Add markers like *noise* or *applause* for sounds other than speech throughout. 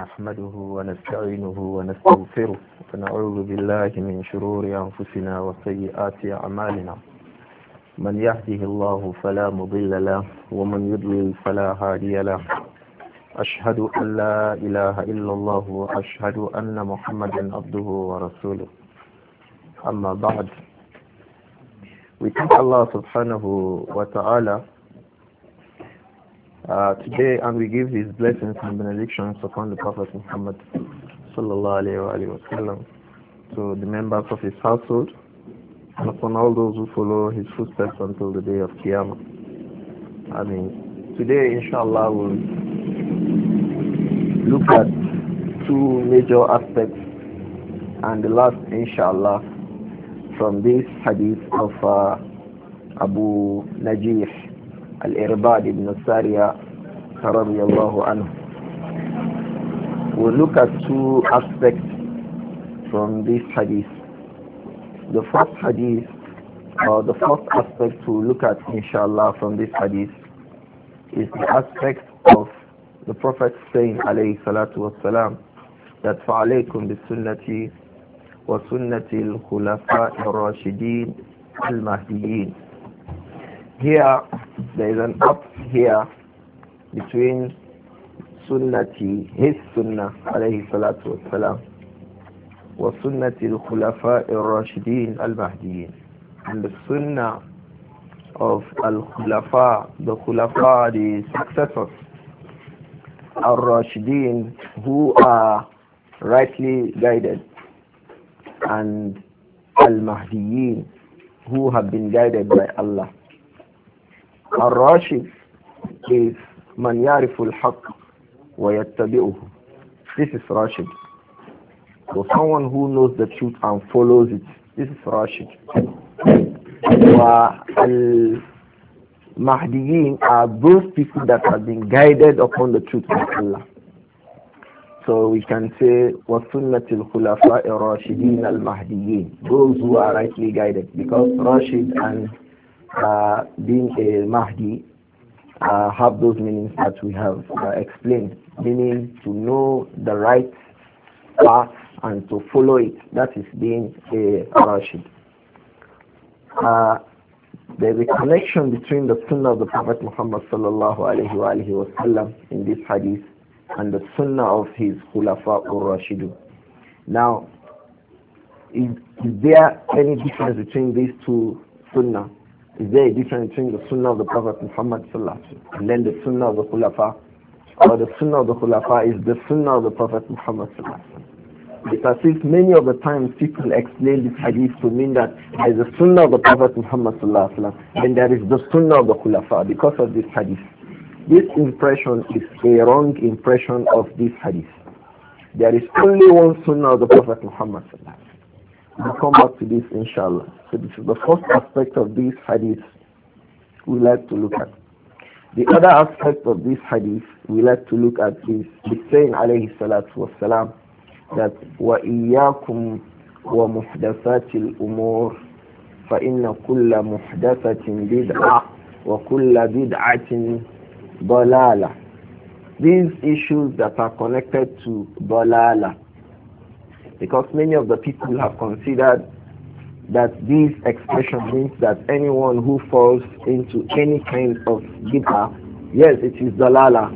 نحمده ونستعينه ونستغفره ونعوذ بالله من شرور أنفسنا وسيئات أعمالنا من يهده الله فلا مضل له ومن يضلل فلا هادي له أشهد أن لا إله إلا الله وأشهد أن محمدا عبده ورسوله أما بعد We thank Allah subhanahu wa ta'ala uh, today and we give his blessings and benedictions upon the Prophet Muhammad sallallahu alayhi wa sallam to the members of his household and upon all those who follow his footsteps until the day of Qiyamah. I mean, today inshallah we'll look at two major aspects and the last inshallah from this hadith of uh, Abu Najih Al-Irbad ibn Sariya radiallahu anhu. We'll look at two aspects from this hadith. The first hadith, or the first aspect to look at inshallah from this hadith is the aspect of the Prophet saying alayhi salatu wasalam that فَعَلَيْكُمْ بِسُنَّتِي وَسُنَّةِ الْخُلَفَاءِ الرَّاشِدِينَ الْمَهْدِيِّينَ here there is an up here between sunnati his sunnah alayhi salatu wa wasalam wa sunnati al-khulafa ar-rashidin al-mahdiyin and the sunnah of al-khulafa the khulafa the successors al-rashidin who are rightly guided and al-mahdiyin who have been guided by Allah Al-Rashid is man yariful haq wa yattabi'uhu. This is Rashid. So someone who knows the truth and follows it. This is Rashid. Wa al-Mahdiyin are those people that have been guided upon the truth of Allah. So we can say وَسُنَّةِ الْخُلَفَاءِ الْمَهْدِيِّينَ Those who are rightly guided because Rashid and uh, being a Mahdi uh, have those meanings that we have uh, explained, meaning to know the right path and to follow it. That is being a Rashid. Uh, there is a connection between the Sunnah of the Prophet Muhammad sallallahu alayhi wa alayhi wa sallam in this hadith and the Sunnah of his Khulafa ur Rashidu. Now, is, is there any difference between these two Sunnah? Is there a difference between the Sunnah of the Prophet Muhammad and then the Sunnah of the Khulafa? Or the Sunnah of the Khulafa is the Sunnah of the Prophet Muhammad Because if many of the times people explain this hadith to mean that there is the Sunnah of the Prophet Muhammad then there is the Sunnah of the Khulafa because of this hadith. This impression is a wrong impression of this hadith. There is only one Sunnah of the Prophet Muhammad sallallahu We'll come back to this inshallah. So this is the first aspect of this hadith we like to look at. The other aspect of this hadith we like to look at is the saying alayhi salatu salam that wa wa وَإِيَّاكُمْ fa inna فَإِنَّ كُلَّ مُحْدَثَةٍ wa وَكُلَّ بِدْعَةٍ ضَلَالَةٍ These issues that are connected to ضَلَالَةٍ because many of the people have considered that this expression means that anyone who falls into any kind of bid'ah, yes, it is dalala.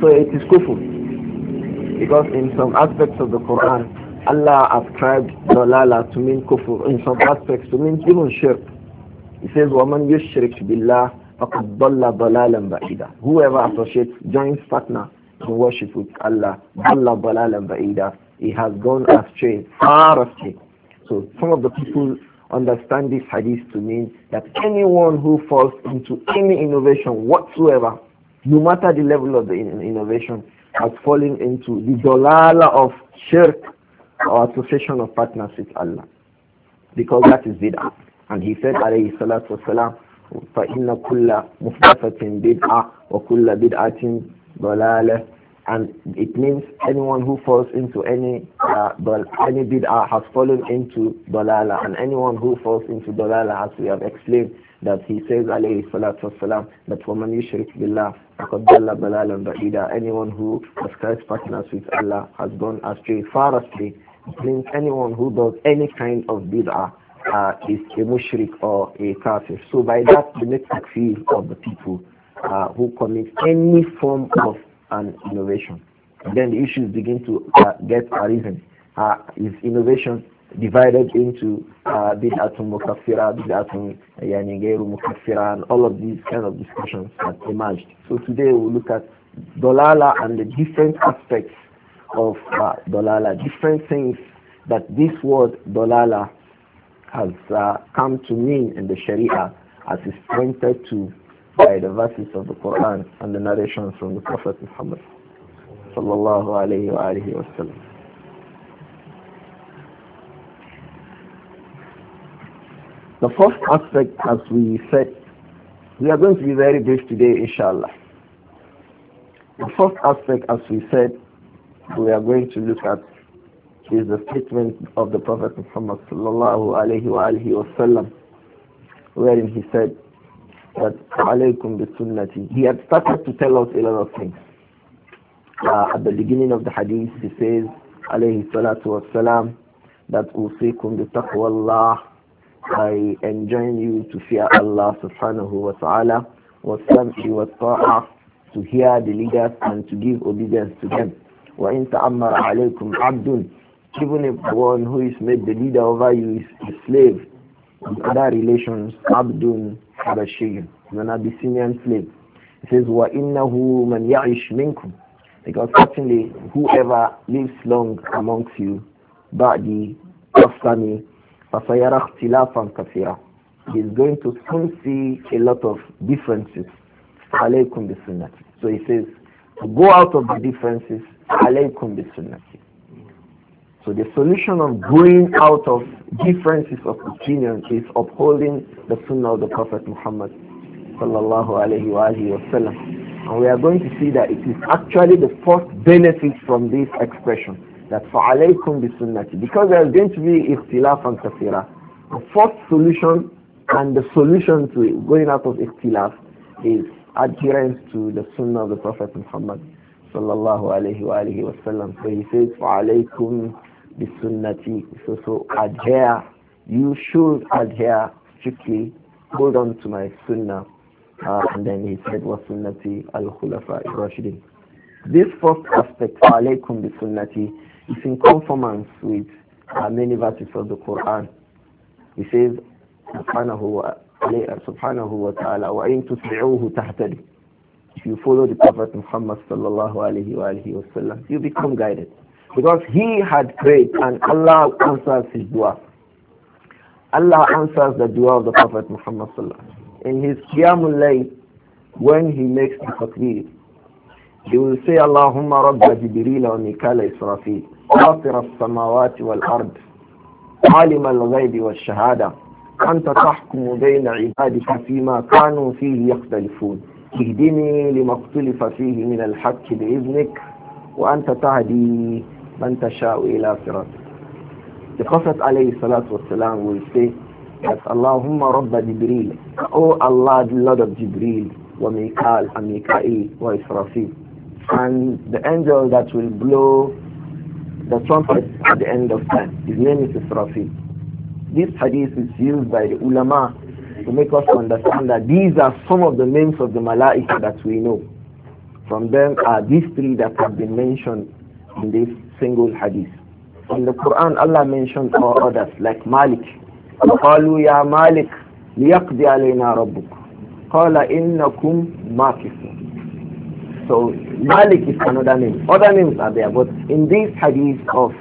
So it is kufr. Because in some aspects of the Quran, Allah ascribed dalala to mean kufr, in some aspects to mean even shirk. He says, وَمَنْ يُشْرِكْ بِاللَّهِ فَقَدْ ضَلَّ ضَلَالًا بَعِيدًا Whoever associates, joins partner in worship with Allah, ضَلَّ ضَلَالًا بَعِيدًا he has gone astray, far astray. So some of the people understand this hadith to mean that anyone who falls into any innovation whatsoever, no matter the level of the in innovation, has fallen into the dolala of shirk or association of partners with Allah. Because that is bid'ah. And he said, alayhi salatu wasalam, فَإِنَّ كُلَّ مُفْتَفَةٍ بِدْعَةٍ وَكُلَّ بِدْعَةٍ ضَلَالَةٍ and it means anyone who falls into any uh, any bid'ah has fallen into dalala and anyone who falls into dalala as we have explained that he says alayhi salatu wasalam that woman yushrik billah faqad dalla dalalan bidah. anyone who ascribes partners with Allah has gone astray far astray it means anyone who does any kind of bid'ah uh, is a mushrik or a kafir so by that the next takfir of the people uh, who commit any form of and innovation. Then the issues begin to uh, get arisen. Uh, is innovation divided into uh, bid'atun mukaffira, bid'atun yani mukaffira, and all of these kind of discussions that emerged. So today we'll look at dolala and the different aspects of uh, dolala, different things that this word dolala has uh, come to mean in the Sharia as it's pointed to by the verses of the Quran and the narrations from the Prophet Muhammad sallallahu alayhi wa alihi wasallam. The first aspect, as we said, we are going to be very brief today, inshallah. The first aspect, as we said, we are going to look at is the statement of the Prophet Muhammad sallallahu alayhi wa alihi wasallam, wherein he said, that alaykum bi sunnati. He had started to tell us a lot of things. Uh, at the beginning of the hadith, he says, alayhi salatu wassalam, that usikum bi taqwallah. I enjoin you to fear Allah subhanahu wa ta'ala, wa sam'i wa taught to hear the leaders and to give obedience to them. Wa in ta'ammar alaykum abdun. Even if one who is made the leader over you is a slave, in other relations, abdun, habashiyun then i'd slave it says wa innahu man ya'ish minkum because certainly whoever lives long amongst you ba'di afsani fasayara ikhtilafan kathira he is going to soon see a lot of differences alaykum bisunnati so he says go out of the differences alaykum bisunnati so the solution of going out of differences of opinion is upholding the Sunnah of the Prophet Muhammad sallallahu alayhi wa wasallam. And we are going to see that it is actually the first benefit from this expression that فَعَلَيْكُمْ بِسُنَّةِ Because there is going to be ikhtilaf and kafira. The first solution and the solution to it, going out of ikhtilaf is adherence to the Sunnah of the Prophet Muhammad sallallahu alayhi wa wasallam. So he says فَعَلَيْكُمْ the Sunnah, so so adhere you should adhere strictly hold on to my sunnah uh, and then he said wa sunnati al khulafa rashidin this first aspect alaykum bi sunnati is in conformance with uh, many verses of the quran he says subhanahu wa subhanahu wa ta'ala wa in tusbi'uhu tahtadi if you follow the prophet muhammad sallallahu alayhi wa alihi wasallam you become guided because he had prayed and Allah answers his dua. Allah answers the dua of the Prophet Muhammad In his Qiyamul Layl, when he makes the takbir, he will say, Allahumma Rabba Jibreel wa Mikala Israfil, Fatir al-Samawati wal-Ard, عالم الغيب والشهادة أنت تحكم بين عبادك فيما كانوا فيه يختلفون اهدني لما اختلف فيه من الحق بإذنك وأنت تهدي من تشاء إلى The Prophet عليه الصلاة والسلام will say that Allahumma Rabba Jibreel O Allah the Lord of Jibreel wa Mikal and Mikail and the angel that will blow the trumpet at the end of time his name is Israfil this hadith is used by the ulama to make us understand that these are some of the names of the malaika that we know from them are these three that have been mentioned in this single hadith. In the Quran, Allah mentioned all others like Malik. قالوا يا مالك ليقضي علينا ربك قال إنكم ماكثون So Malik is another name. Other names are there, but in this hadith of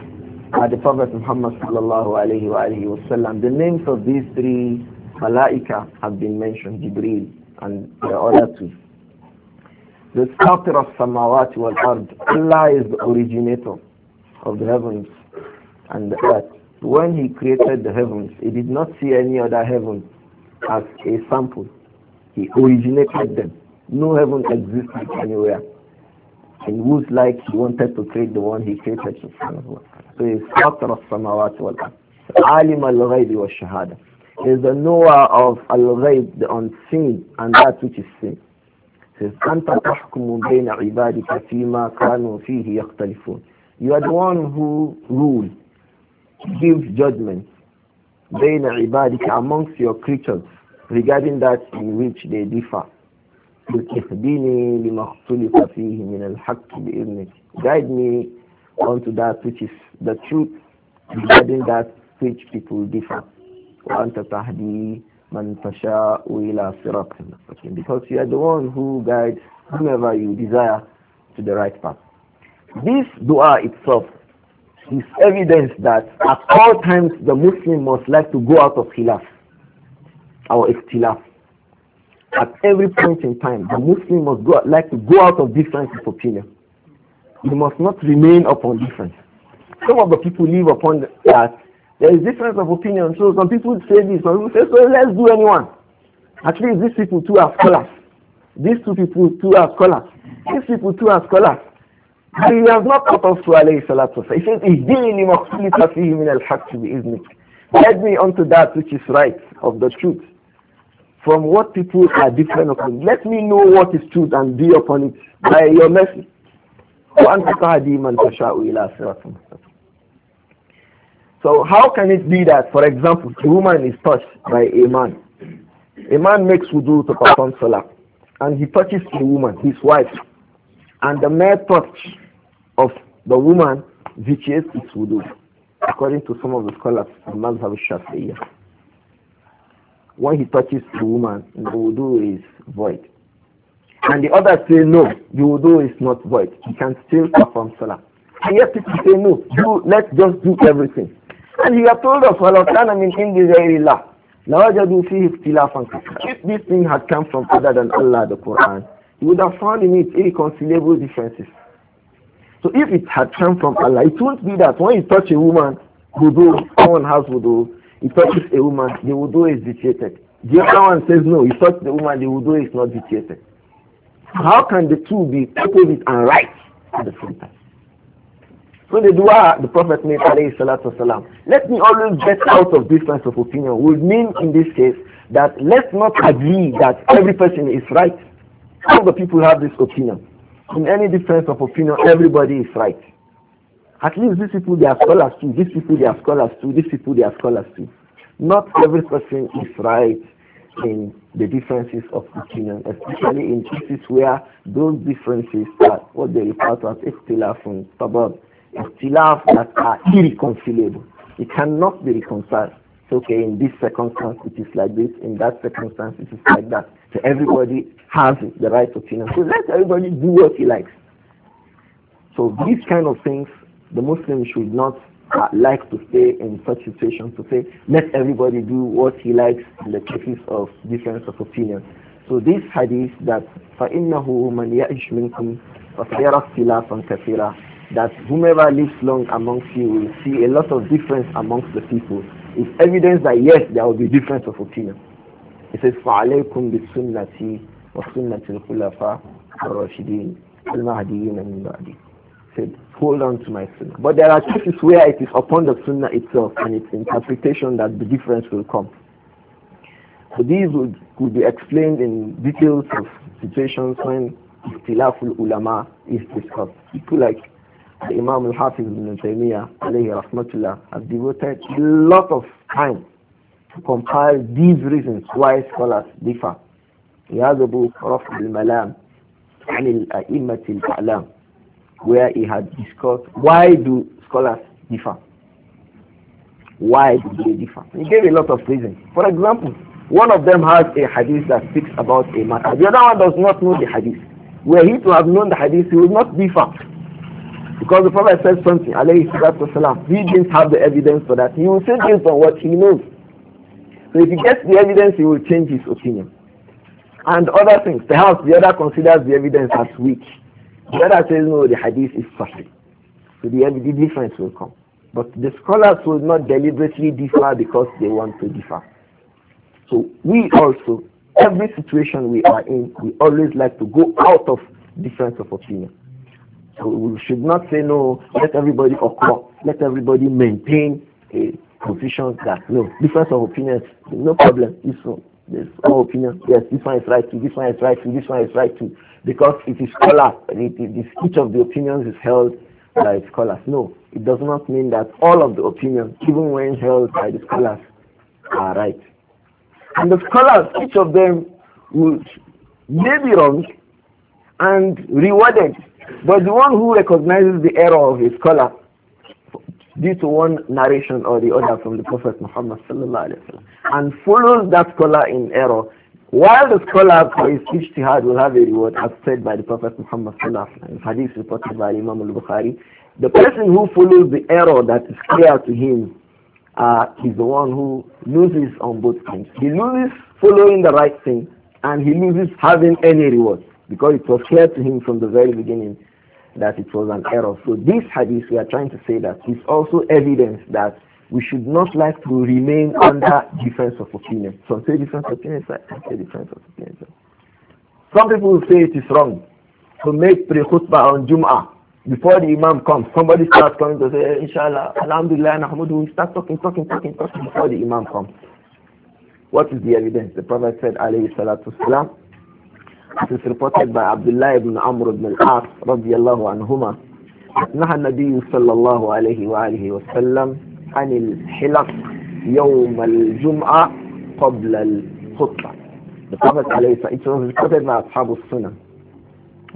uh, the Prophet Muhammad sallallahu alayhi wa alayhi wasallam, the names of these three malaika have been mentioned, Jibril and the other two. The starter of samawati wal ard, Allah is the originator of the heavens and the earth. When he created the heavens, he did not see any other heaven as a sample. He originated them. No heaven existed anywhere in whose like he wanted to create the one he created subhanahu wa ta'ala. So he's Fatar al-Samawat wal Alim al-Ghayb wa shahada He's the knower of al-Ghayb, the unseen, and that which is seen. He says, أنت تحكم بين عبادك فيما كانوا فيه يختلفون. You are the one who rules, gives judgment بين عبادك amongst your creatures regarding that in which they differ. Guide me onto that which is the truth regarding that which people differ. Because you are the one who guides whomever you desire to the right path. This dua itself is evidence that at all times the Muslim must like to go out of khilaf or ikhtilaf. At every point in time, the Muslim must go, like to go out of difference of opinion. He must not remain upon difference. Some of the people live upon that there is difference of opinion. So some people say this, some people say so. Let's do anyone. At least these people too are scholars. These two people too are scholars. These people too are scholars. He has not cut off to salatu He says, Ihdini maqtulita fihi min al-haqq bi me onto that which is right, of the truth. From what people are different upon. Let me know what is truth and be upon it by your mercy. So how can it be that, for example, a woman is touched by a man. A man makes wudu to perform salah. And he touches a woman, his wife. And the mere touch of the woman vitiates its wudu, according to some of the scholars in Mazhab Shafi'iyah. When he touches the woman, the wudu is void. And the others say, no, the wudu is not void. He can still perform salah. And yet people say, no, do, let's just do everything. And you has told us, وَلَوْ I مِنْ in غَيْرِ اللَّهِ لَوَجَدُوا فِيهِ اخْتِلَافًا If this thing had come from other than Allah, the Quran, you would have found in it irreconcilable differences. So if it had come from Allah, it won't be that when you touch a woman, wudu, someone has wudu, you touches a woman, the wudu is vitiated. The other one says no, he touched the woman, the wudu is not vitiated. How can the two be opposite and right at the same time? So the dua the Prophet made alayhi salatu salam, let me always get out of difference of opinion would mean in this case that let's not agree that every person is right. All the people have this opinion. In any difference of opinion, everybody is right. At least these people, they are scholars too. These people, they are scholars too. These people, they are scholars too. Not every person is right in the differences of opinion, especially in cases where those differences are what they refer to as istilaf from tabab, istilaf that are irreconcilable. It cannot be reconciled. It's okay, in this circumstance it is like this, in that circumstance it is like that. So everybody has the right opinion. So let everybody do what he likes. So these kind of things, the Muslim should not uh, like to stay in such situations to say, let everybody do what he likes in the cases of difference of opinion. So this hadith that فَإِنَّهُ مَنْ يَعِشْ مِنْكُمْ فَسَيَرَى اخْتِلَافًا كَثِيرًا that whomever lives long amongst you will see a lot of difference amongst the people is evidence that yes, there will be difference of opinion. He says, فَعَلَيْكُمْ بِالسُنَّةِ وَسُنَّةِ الْخُلَفَاءِ الرَّاشِدِينَ الْمَهْدِيِّينَ مِنْ بَعْدِ said, hold on to my sunnah. But there are cases where it is upon the sunnah itself and its interpretation that the difference will come. So these would, could be explained in details of situations when Istilaful Ulama is discussed. People like Imam al-Hafiz ibn Taymiyyah rahmatullah has devoted a lot of time to compile these reasons why scholars differ. He has a book, Raf al-Malam, عن where he had discussed why do scholars differ? Why do they differ? He gave a lot of reasons. For example, one of them has a hadith that speaks about a matter. The other one does not know the hadith. Were he to have known the hadith, he would not differ. Because the Prophet said something, alayhi salatu wasalam, he didn't have the evidence for that. He will say based on what he knows. So if he gets the evidence, he will change his opinion. And other things, perhaps the other considers the evidence as weak. The other says, no, the hadith is sahih. So the, the difference will come. But the scholars will not deliberately differ because they want to differ. So we also, every situation we are in, we always like to go out of difference of opinion. So we should not say no, let everybody occur, let everybody maintain a position that no, difference of opinions, no problem, this one. There's no opinion. Yes, this one is right too, this one is right too, this one is right too. Because it is scholars, it, it is, each of the opinions is held by scholars. No, it does not mean that all of the opinions, even when held by the scholars, are right. And the scholars, each of them, would may be wrong and rewarded but the one who recognizes the error of his scholar due to one narration or the other from the Prophet Muhammad and follows that scholar in error, while the scholar for his ijtihad will have a reward as said by the Prophet Muhammad in hadith reported by Imam al-Bukhari, the person who follows the error that is clear to him uh, is the one who loses on both things. He loses following the right thing and he loses having any reward. Because it was clear to him from the very beginning that it was an error. So this hadith we are trying to say that is also evidence that we should not like to remain under difference of opinion. Some say difference of opinion, some say difference of opinion. Some people will say it is wrong to make pre-khutbah on Jum'ah before the imam comes, somebody starts coming to say, eh, Inshallah, Alhamdulillah, Nahmudu, we start talking, talking, talking, talking before the imam comes. What is the evidence? The Prophet said, alayhi salatu salam, It is reported by Abdullah ibn Amr ibn al-As radiyallahu anhuma. نهى النبي صلى الله عليه وآله وسلم عن الحلق يوم الجمعة قبل الخطبة. The Prophet عليه الصلاة it was reported by أصحاب السنة.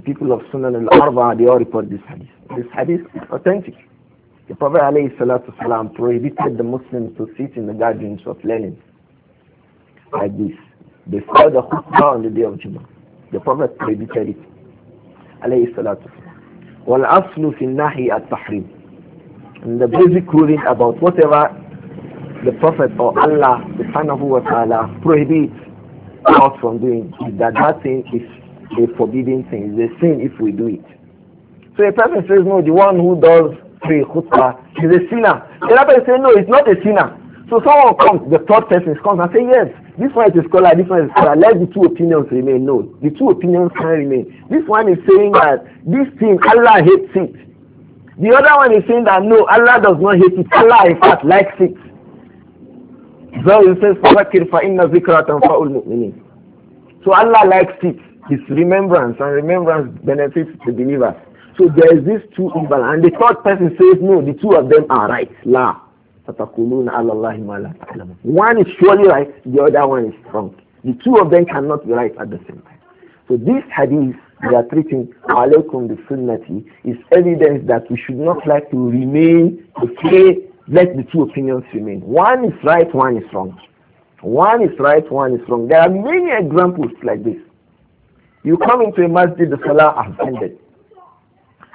People of Sunan al-Arba they all report this hadith. This hadith is authentic. The Prophet عليه الصلاة والسلام prohibited the Muslims to sit in the gardens of Lenin like this. they saw the khutbah on the day of Jum'ah. The Prophet prohibited it. Alayhi salatu. Wal aslu fi nahi at tahrim. And the basic ruling about whatever the Prophet or Allah subhanahu wa ta'ala prohibits us from doing is that that thing is a forbidden thing, is a sin if we do it. So a person says, no, the one who does pray khutbah is a sinner. The other person says, no, it's not a sinner. So someone comes, the third person comes and says, yes, this one is a scholar, this one is a scholar. Let the two opinions remain. No, the two opinions can remain. This one is saying that this thing, Allah hates it. The other one is saying that no, Allah does not hate it. Allah, in fact, likes it. So he says, So Allah likes it. His remembrance and remembrance benefits the believers. So there is this two evil, And the third person says, no, the two of them are right. La. One is surely right, the other one is wrong. The two of them cannot be right at the same time. So this hadith we are treating alaykum as sunnati is evidence that we should not like to remain, to say, let the two opinions remain. One is right, one is wrong. One is right, one is wrong. There are many examples like this. You come into a masjid, the salah has ended.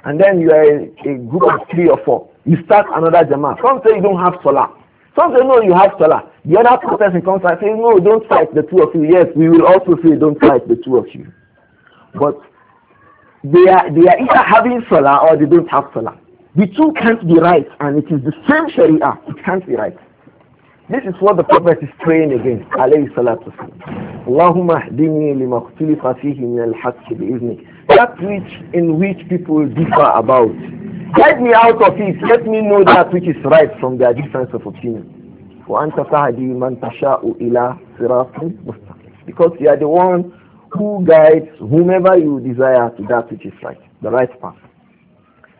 And then you are a, a group of three or four. You start another jama'ah. Some say you don't have salah. Some say no, you have salah. The other person comes and says, no, don't fight the two of you. Yes, we will also say don't fight the two of you. But they are, they are either having salah or they don't have salah. The two can't be right and it is the same sharia. It can't be right. This is what the Prophet is praying against. Alayhi salatu Allahumma hdini lima fihi min al-haqq bi that which in which people differ about. Get me out of it. Let me know that which is right from their difference of opinion. وأنت تهدي من تشاء إلى صراط مستقيم because you are the one who guides whomever you desire to that which is right the right path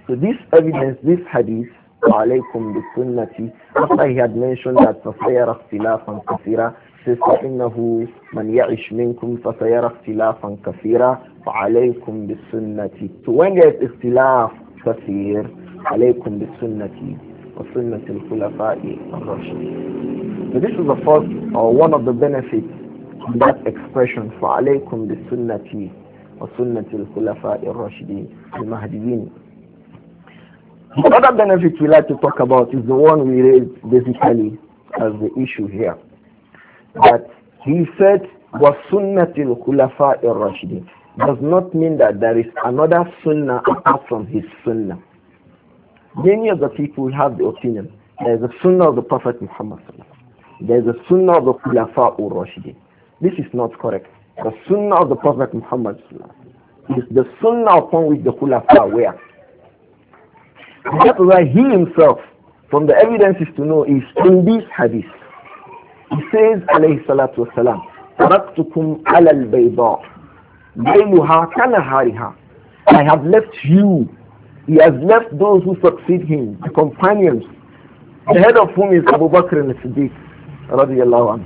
so this evidence this hadith وعليكم بسنتي after he had mentioned that فَسَيَرَ اخْتِلَافًا كَثِيرًا المؤسس فإنه من يعش منكم فسيرى اختلافا كثيرا فعليكم بالسنة وين اختلاف كثير عليكم بالسنة وسنة الخلفاء الراشدين so this is the first or one of the benefits of that expression فعليكم بالسنة وسنة الخلفاء الراشدين المهديين Another benefit we like to talk about is the one we raised basically as the issue here. that he said وَسُنَّةِ الْخُلَفَاءِ الرَّاشِدِينَ does not mean that there is another sunnah apart from his sunnah. Many of the people have the opinion there is a sunnah of the Prophet Muhammad there is a sunnah of the Khulafa ur Rashidin. This is not correct. The sunnah of the Prophet Muhammad is the sunnah upon which the Khulafa were. That's why he himself, from the evidences to know, is in this hadith. He says, alayhi salatu wasalam, تَرَكْتُكُمْ عَلَى الْبَيْضَاءِ kana كَنَهَارِهَا I have left you. He has left those who succeed him, the companions, the head of whom is Abu Bakr al-Siddiq, radiallahu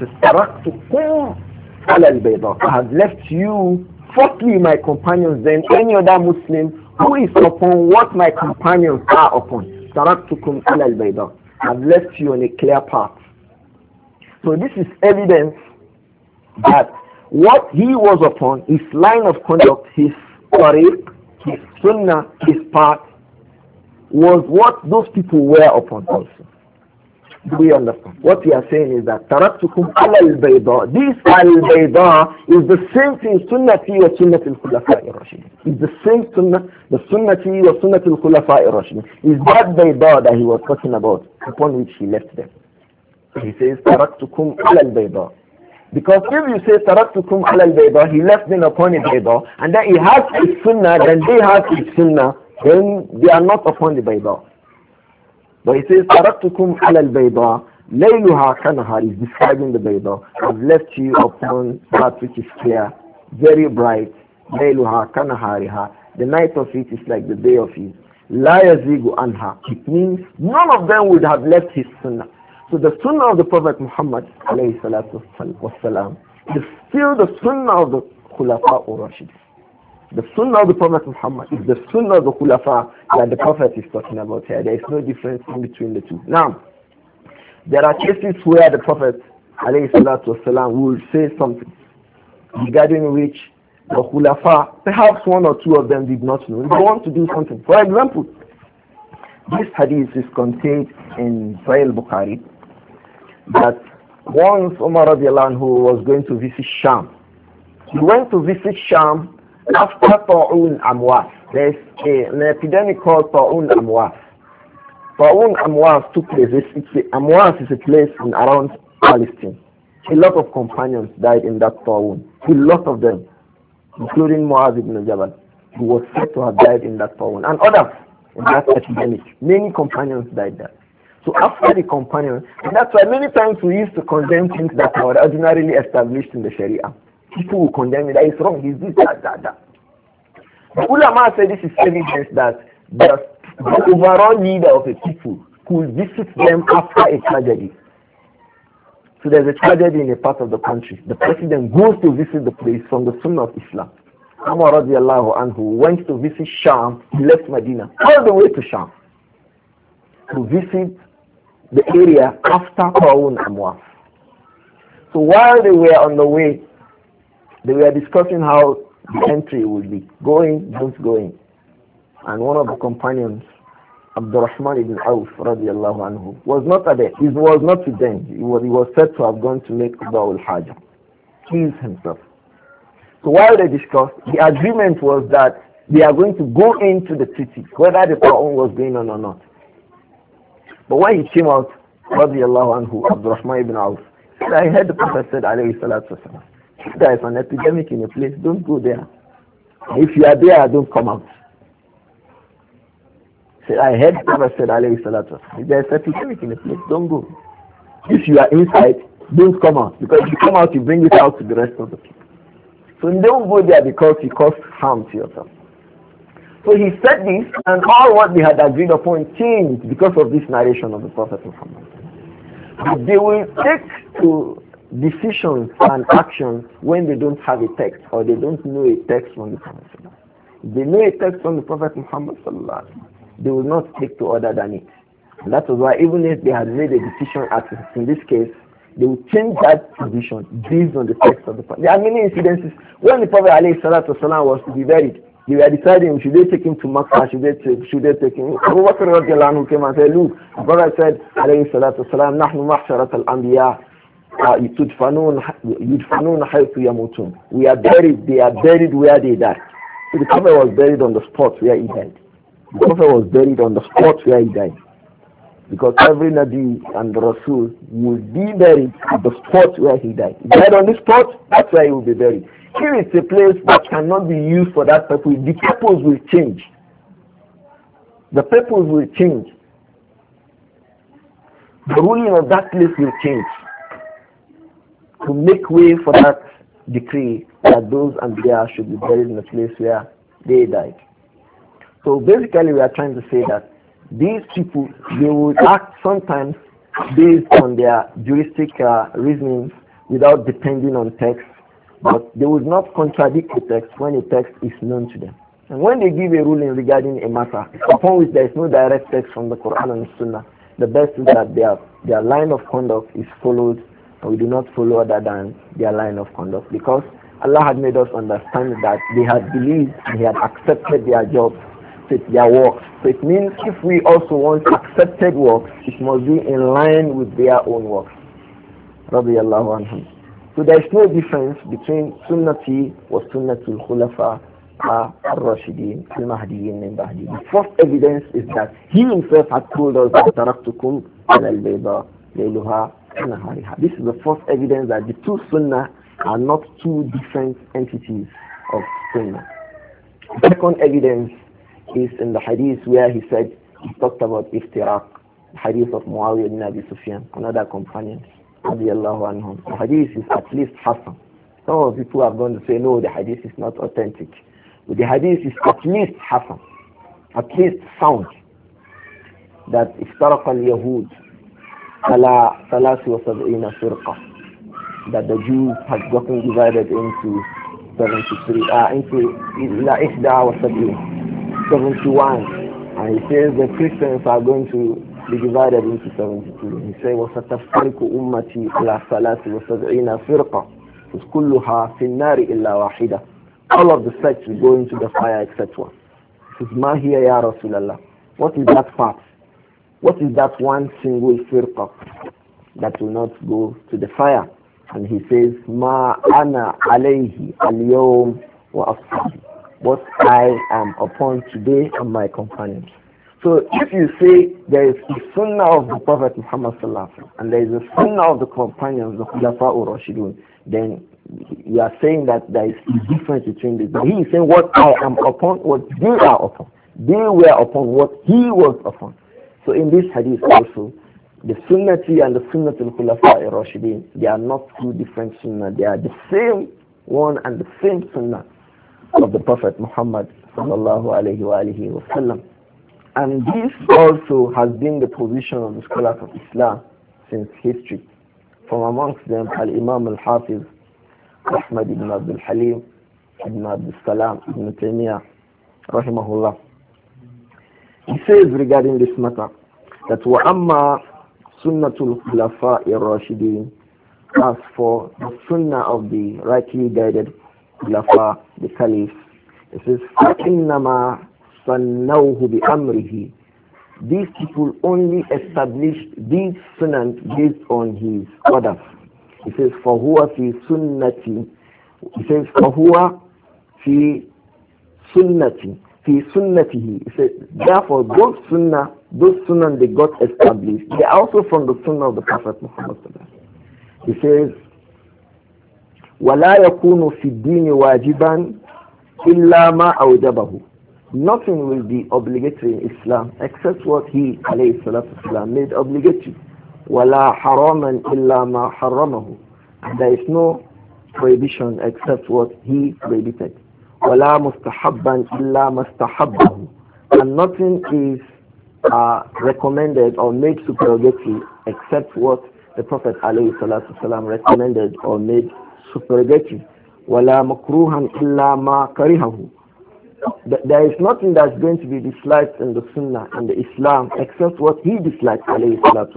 anhu. ala al-bayda." I have left you, firstly my companions, then any other Muslim who is upon what my companions are upon. ala al-bayda. I have left you on a clear path. So this is evidence that what he was upon, his line of conduct, his tariq, his sunnah, his path, was what those people were upon also. Do we understand? What we are saying is that taraktukum ala al-bayda. This al-bayda is the same thing sunnati wa sunnat al-khulafa ar It's the same sunnah, the sunnati wa sunnat al-khulafa ar that bayda that he was talking about upon which he left them he says, Taraktukum alal bayda. Because if you say Taraktukum alal bayda, he left them upon the bayda, and then he has his sunnah, then they have his sunnah, then they are not upon the bayda. But he says, Taraktukum alal bayda, layluha kanahar is describing the bayda. has left you upon that which is clear, very bright, layluha kanahariha. The night of it is like the day of it. La yazigu anha. It means none of them would have left his sunnah. So the sunnah of the Prophet Muhammad والسلام, still the sunnah of the Khulafa or Rashid. The sunnah of the Prophet Muhammad is the sunnah of the Khulafa that the Prophet is talking about here. There is no difference in between the two. Now, there are cases where the Prophet والسلام, will say something regarding which the Khulafa, perhaps one or two of them did not know. They want to do something. For example, this hadith is contained in Sahih Bukhari that once Umar radiallahu who was going to visit Sham, he went to visit Sham after Ta'un Amwas. There's a, an epidemic called Ta'un Amwas. Ta'un Amwas took place. It's, it's a, Amwas is a place in around Palestine. A lot of companions died in that Ta'un. A lot of them, including Muaz ibn Jabal, who was said to have died in that Ta'un, and others in that epidemic. Many companions died there. So after the companion, and that's why many times we used to condemn things that are ordinarily established in the Sharia. People will condemn it, that is wrong, It's this, that, that, that. The ulama said this is evidence that the, the overall leader of a people could visit them after a tragedy. So there's a tragedy in a part of the country. The president goes to visit the place from the Sunnah of Islam. Umar radiallahu anhu went to visit Sham, he left Medina, all the way to Sham, to visit the area after Qawun Amwaf. So while they were on the way, they were discussing how the entry would be going, don't going. And one of the companions, Abdurrahman ibn Auf radiallahu anhu, was not there. He was not with them. He was, he was said to have gone to make Qada'ul Hajj. He is himself. So while they discussed, the agreement was that they are going to go into the city, whether the Qur'an was going on or not. But when he came out, radiallahu anhu, Abdurrahman ibn Auf, said, I heard the Prophet said, alayhi salatu wasalam, if there is an epidemic in a place, don't go there. If you are there, don't come out. He said, I heard the Prophet said, alayhi salatu wasalam, if there is an epidemic in a place, don't go. If you are inside, don't come out. Because if you come out, you bring it out to the rest of the people. So don't go there because it cause harm to yourself. So he said this, and all what they had agreed upon changed because of this narration of the Prophet Muhammad. But they will take to decisions and actions when they don't have a text or they don't know a text from the Prophet. They know a text from the Prophet Muhammad they will not stick to other than it. And that is why even if they had made a decision as in this case, they will change that decision based on the text of the Prophet. There are many incidences when the Prophet ﷺ was to be buried, they were deciding, should they take him to Makkah, should they take, should they take him? Abu Bakr radiallahu came and said, look, the brother said, alayhi salatu wasalam, نحن محشرة الأنبياء يدفنون يدفنون We are buried, they are buried where they died. So the Prophet was buried on the spot where he died. The Prophet was buried on the spot where he died. Because every Nabi and Rasul will be buried at the spot where he died. He died on this spot, that's where he will be buried. Here is a place that cannot be used for that purpose. The purpose will change. The purpose will change. The ruling of that place will change to make way for that decree that those and their should be buried in the place where they died. So basically we are trying to say that these people, they will act sometimes based on their juristic uh, without depending on text but they would not contradict the text when the text is known to them. And when they give a ruling regarding a matter upon which there is no direct text from the Quran and the Sunnah, the best is that their, their line of conduct is followed and we do not follow other than their line of conduct because Allah had made us understand that they had believed and He had accepted their jobs, their works. So it means if we also want accepted works, it must be in line with their own works. رضي الله عنهم so there is no difference between Sunnati wa Sunnati al-Khulafa al-Rashidin al-Mahdiyin and Bahdi. The first evidence is that he himself had told us that Taraktukum al-Bayda layluha nahariha. This is the first evidence that the two Sunnah are not two different entities of Sunnah. The second evidence is in the hadith where he said, he talked about iftiraq, hadith of Muawiyah ibn Abi Sufyan, another companion anhum. The hadith is at least Hassan. Some of people are going to say, no, the hadith is not authentic. But the hadith is at least Hassan, at least sound. That افترق اليهود على that the Jews had gotten divided into 73 uh, into 71 and he says the Christians are going to be divided into 72. He said, وَسَتَفْتَرِكُ أُمَّتِي عَلَى ثَلَاثِ وَسَبْعِينَ فِرْقَةً كُلُّهَا فِي النَّارِ إِلَّا وَاحِدَةً All of the sects will go into the fire etc. He says, مَا هِيَ يَا What is that part? What is that one single firqa that will not go to the fire? And he says, مَا أَنَا عَلَيْهِ الْيَوْمِ وَأَصْحَابِي What I am upon today and my companions. So if you say there is a sunnah of the Prophet Muhammad sallallahu and there is a sunnah of the companions, the Khulafa or Rashidun, then you are saying that there is a difference between this. But he is saying what I am upon, what they are upon. They were upon what he was upon. So in this hadith also, the Sunnati and the Sunnat al-Khulafa al rashidun they are not two different Sunnah. They are the same one and the same Sunnah of the Prophet Muhammad sallallahu alayhi wa and this also has been the position of the scholars of Islam since history. From amongst them, Al-Imam Al-Hafiz, Ahmad ibn Abdul Halim, ibn Abdul Salam, ibn Taymiyyah, rahimahullah. He says regarding this matter that وَأَمَّا Sunnatul الْخُلَفَاءِ Rashidin. As for the sunnah of the rightly guided khulafa, the caliph, it says فَإِنَّمَا صنوه amrihi? these people only established these sunnah based on his order. He says, فَهُوَ فِي sunnati. He says, فَهُوَ فِي sunnati. فِي sunnatihi. He says, therefore those sunnah, those sunnah they got established, they are also from the sunnah of the Prophet Muhammad He says, وَلَا يَكُونُ فِي الدِّينِ وَاجِبًا إِلَّا مَا أَوْجَبَهُ Nothing will be obligatory in Islam except what he, alayhi made obligatory. وَلَا حَرَامًا إِلَّا مَا حَرَّمَهُ and There is no prohibition except what he prohibited. وَلَا مُسْتَحَبًّا إِلَّا مَسْتَحَبَّهُ And nothing is uh, recommended or made supererogatory except what the Prophet ﷺ recommended or made supererogatory. وَلَا مَكْرُوهًا إِلَّا مَا كَرِهَهُ there is nothing that's going to be disliked in the Sunnah and the Islam except what he dislikes, وَلَا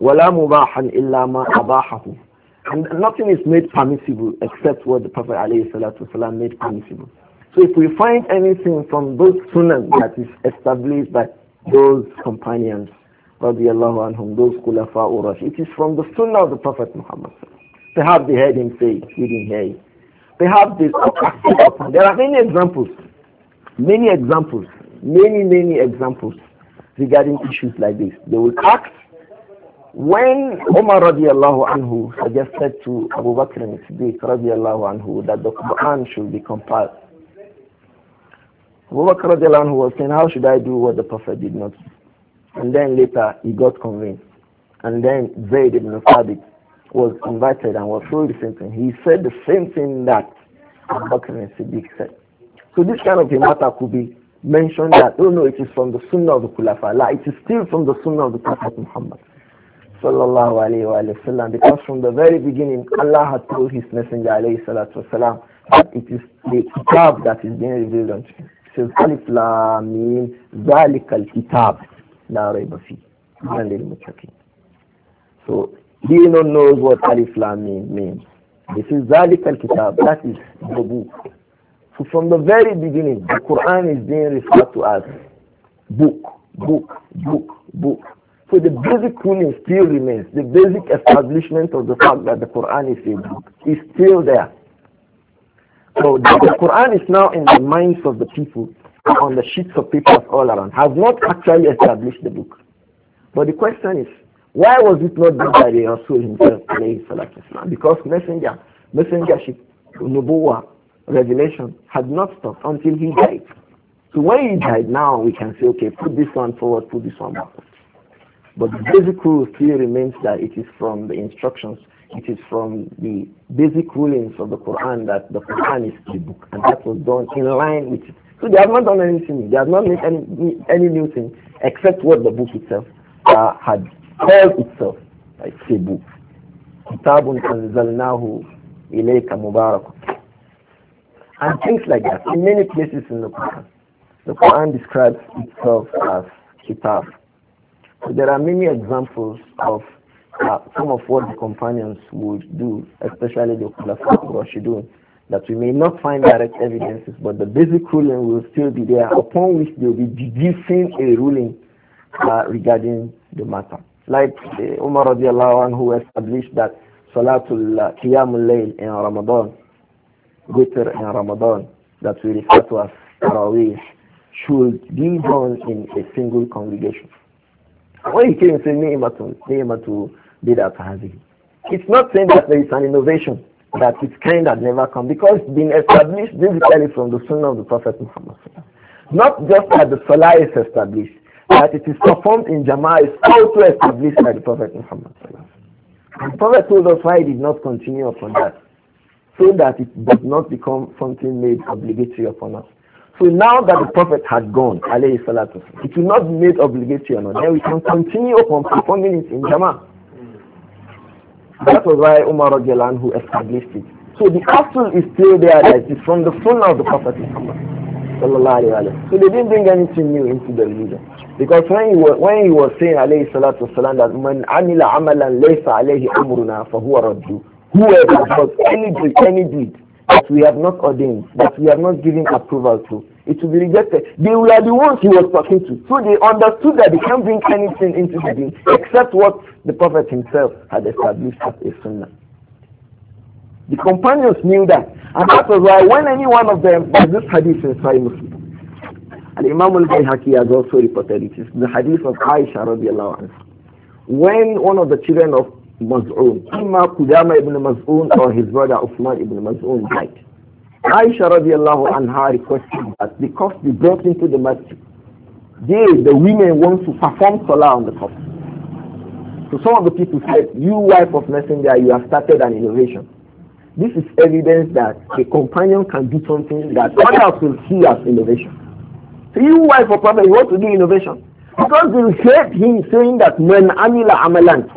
إِلَّا مَا أَبَاحَهُ And nothing is made permissible except what the Prophet made permissible. So if we find anything from those Sunnah that is established by those companions, radiallahu those khulafa urash, it is from the Sunnah of the Prophet Muhammad Perhaps they heard him say it, we didn't hear it. Perhaps they have upon. There are many examples. Many examples, many, many examples regarding issues like this. They will ask when Umar radiallahu anhu suggested to Abu Bakr and Siddiq radiallahu anhu that the Quran should be compiled. Abu Bakr radiallahu anhu was saying, how should I do what the Prophet did not And then later he got convinced. And then Zayd ibn Thabit was invited and was told the same thing. He said the same thing that Abu Bakr and Siddiq said. So this kind of a matter could be mentioned that, oh no, it is from the Sunnah of the Khulafa. it is still from the Sunnah of the Prophet Muhammad. Sallallahu alayhi wa sallam. Because from the very beginning, Allah had told his messenger alayhi salatu wasalam that it is the kitab that is being revealed unto him. It says, Alif Lam Mim, al-Kitab, La Rayba Fi, So, he no knows what Alif Lam means. This is Zalik al-Kitab, that is the book. So from the very beginning, the Quran is being referred to as book, book, book, book. So the basic ruling still remains. The basic establishment of the fact that the Quran is a book is still there. So the, the Quran is now in the minds of the people on the sheets of papers all around. Has not actually established the book. But the question is, why was it not done by the Rasul himself? Because messenger, messengership, nubuwah, revelation had not stopped until he died. So when he died, now we can say, okay, put this one forward, put this one backward. But the basic rule still remains that it is from the instructions, it is from the basic rulings of the Quran that the Quran is the book, and that was done in line with it. So they have not done anything. They have not made any, any new thing except what the book itself uh, had called itself. It's a book. كتاب أنزلناه إليك مبارك and things like that. In many places in the Quran, the Quran describes itself as kitab. So there are many examples of uh, some of what the companions would do, especially the Khulafa Rashidun, that we may not find direct evidences, but the basic ruling will still be there, upon which they will be deducing a ruling uh, regarding the matter. Like uh, Umar radiallahu anhu established that Salatul uh, Qiyamul Layl in Ramadan witr in Ramadan that we refer to as Taraweeh should be done in a single congregation. you say It's not saying that there is an innovation, that it's kind that never come because it's been established basically from the Sunnah of the Prophet Muhammad. Not just that the Salah is established, that it is performed in Jama'ah is also established by the Prophet Muhammad. The Prophet told us why he did not continue upon that so that it does not become something made obligatory upon us. So now that the Prophet had gone, alayhi salatu, it will not be made obligatory on us. Then we can continue upon performing it in Jama'. That was why Umar who established it. So the castle is still there It's from the sunnah of the Prophet Muhammad. So they didn't bring anything new into the religion. Because when he was, when he was saying alayhi salatu wasalam that man amila amalan laysa alayhi amruna fahuwa raddu whoever does any deed, any deed that we have not ordained, that we have not given approval to, it will be rejected. They were the ones he was talking to. So they understood that they can't bring anything into the deen except what the Prophet himself had established as a sunnah. The companions knew that. And that was why when any one of them, by this hadith in Sahih Muslim. And Imam al-Bayhaqi has also reported it. It's the hadith of Aisha radiallahu anha. When one of the children of Maz'un. i am Qudama ibn Maz'un or his brother Uthman ibn Maz'un died. Aisha radiallahu anha requested that because they brought into the masjid, they, the women, want to perform salah on the prophet. So some of the people said, you wife of messenger, you have started an innovation. This is evidence that a companion can do something that others will see as innovation. So you wife of prophet, you want to do innovation. Because they hate him saying that men amila amalant.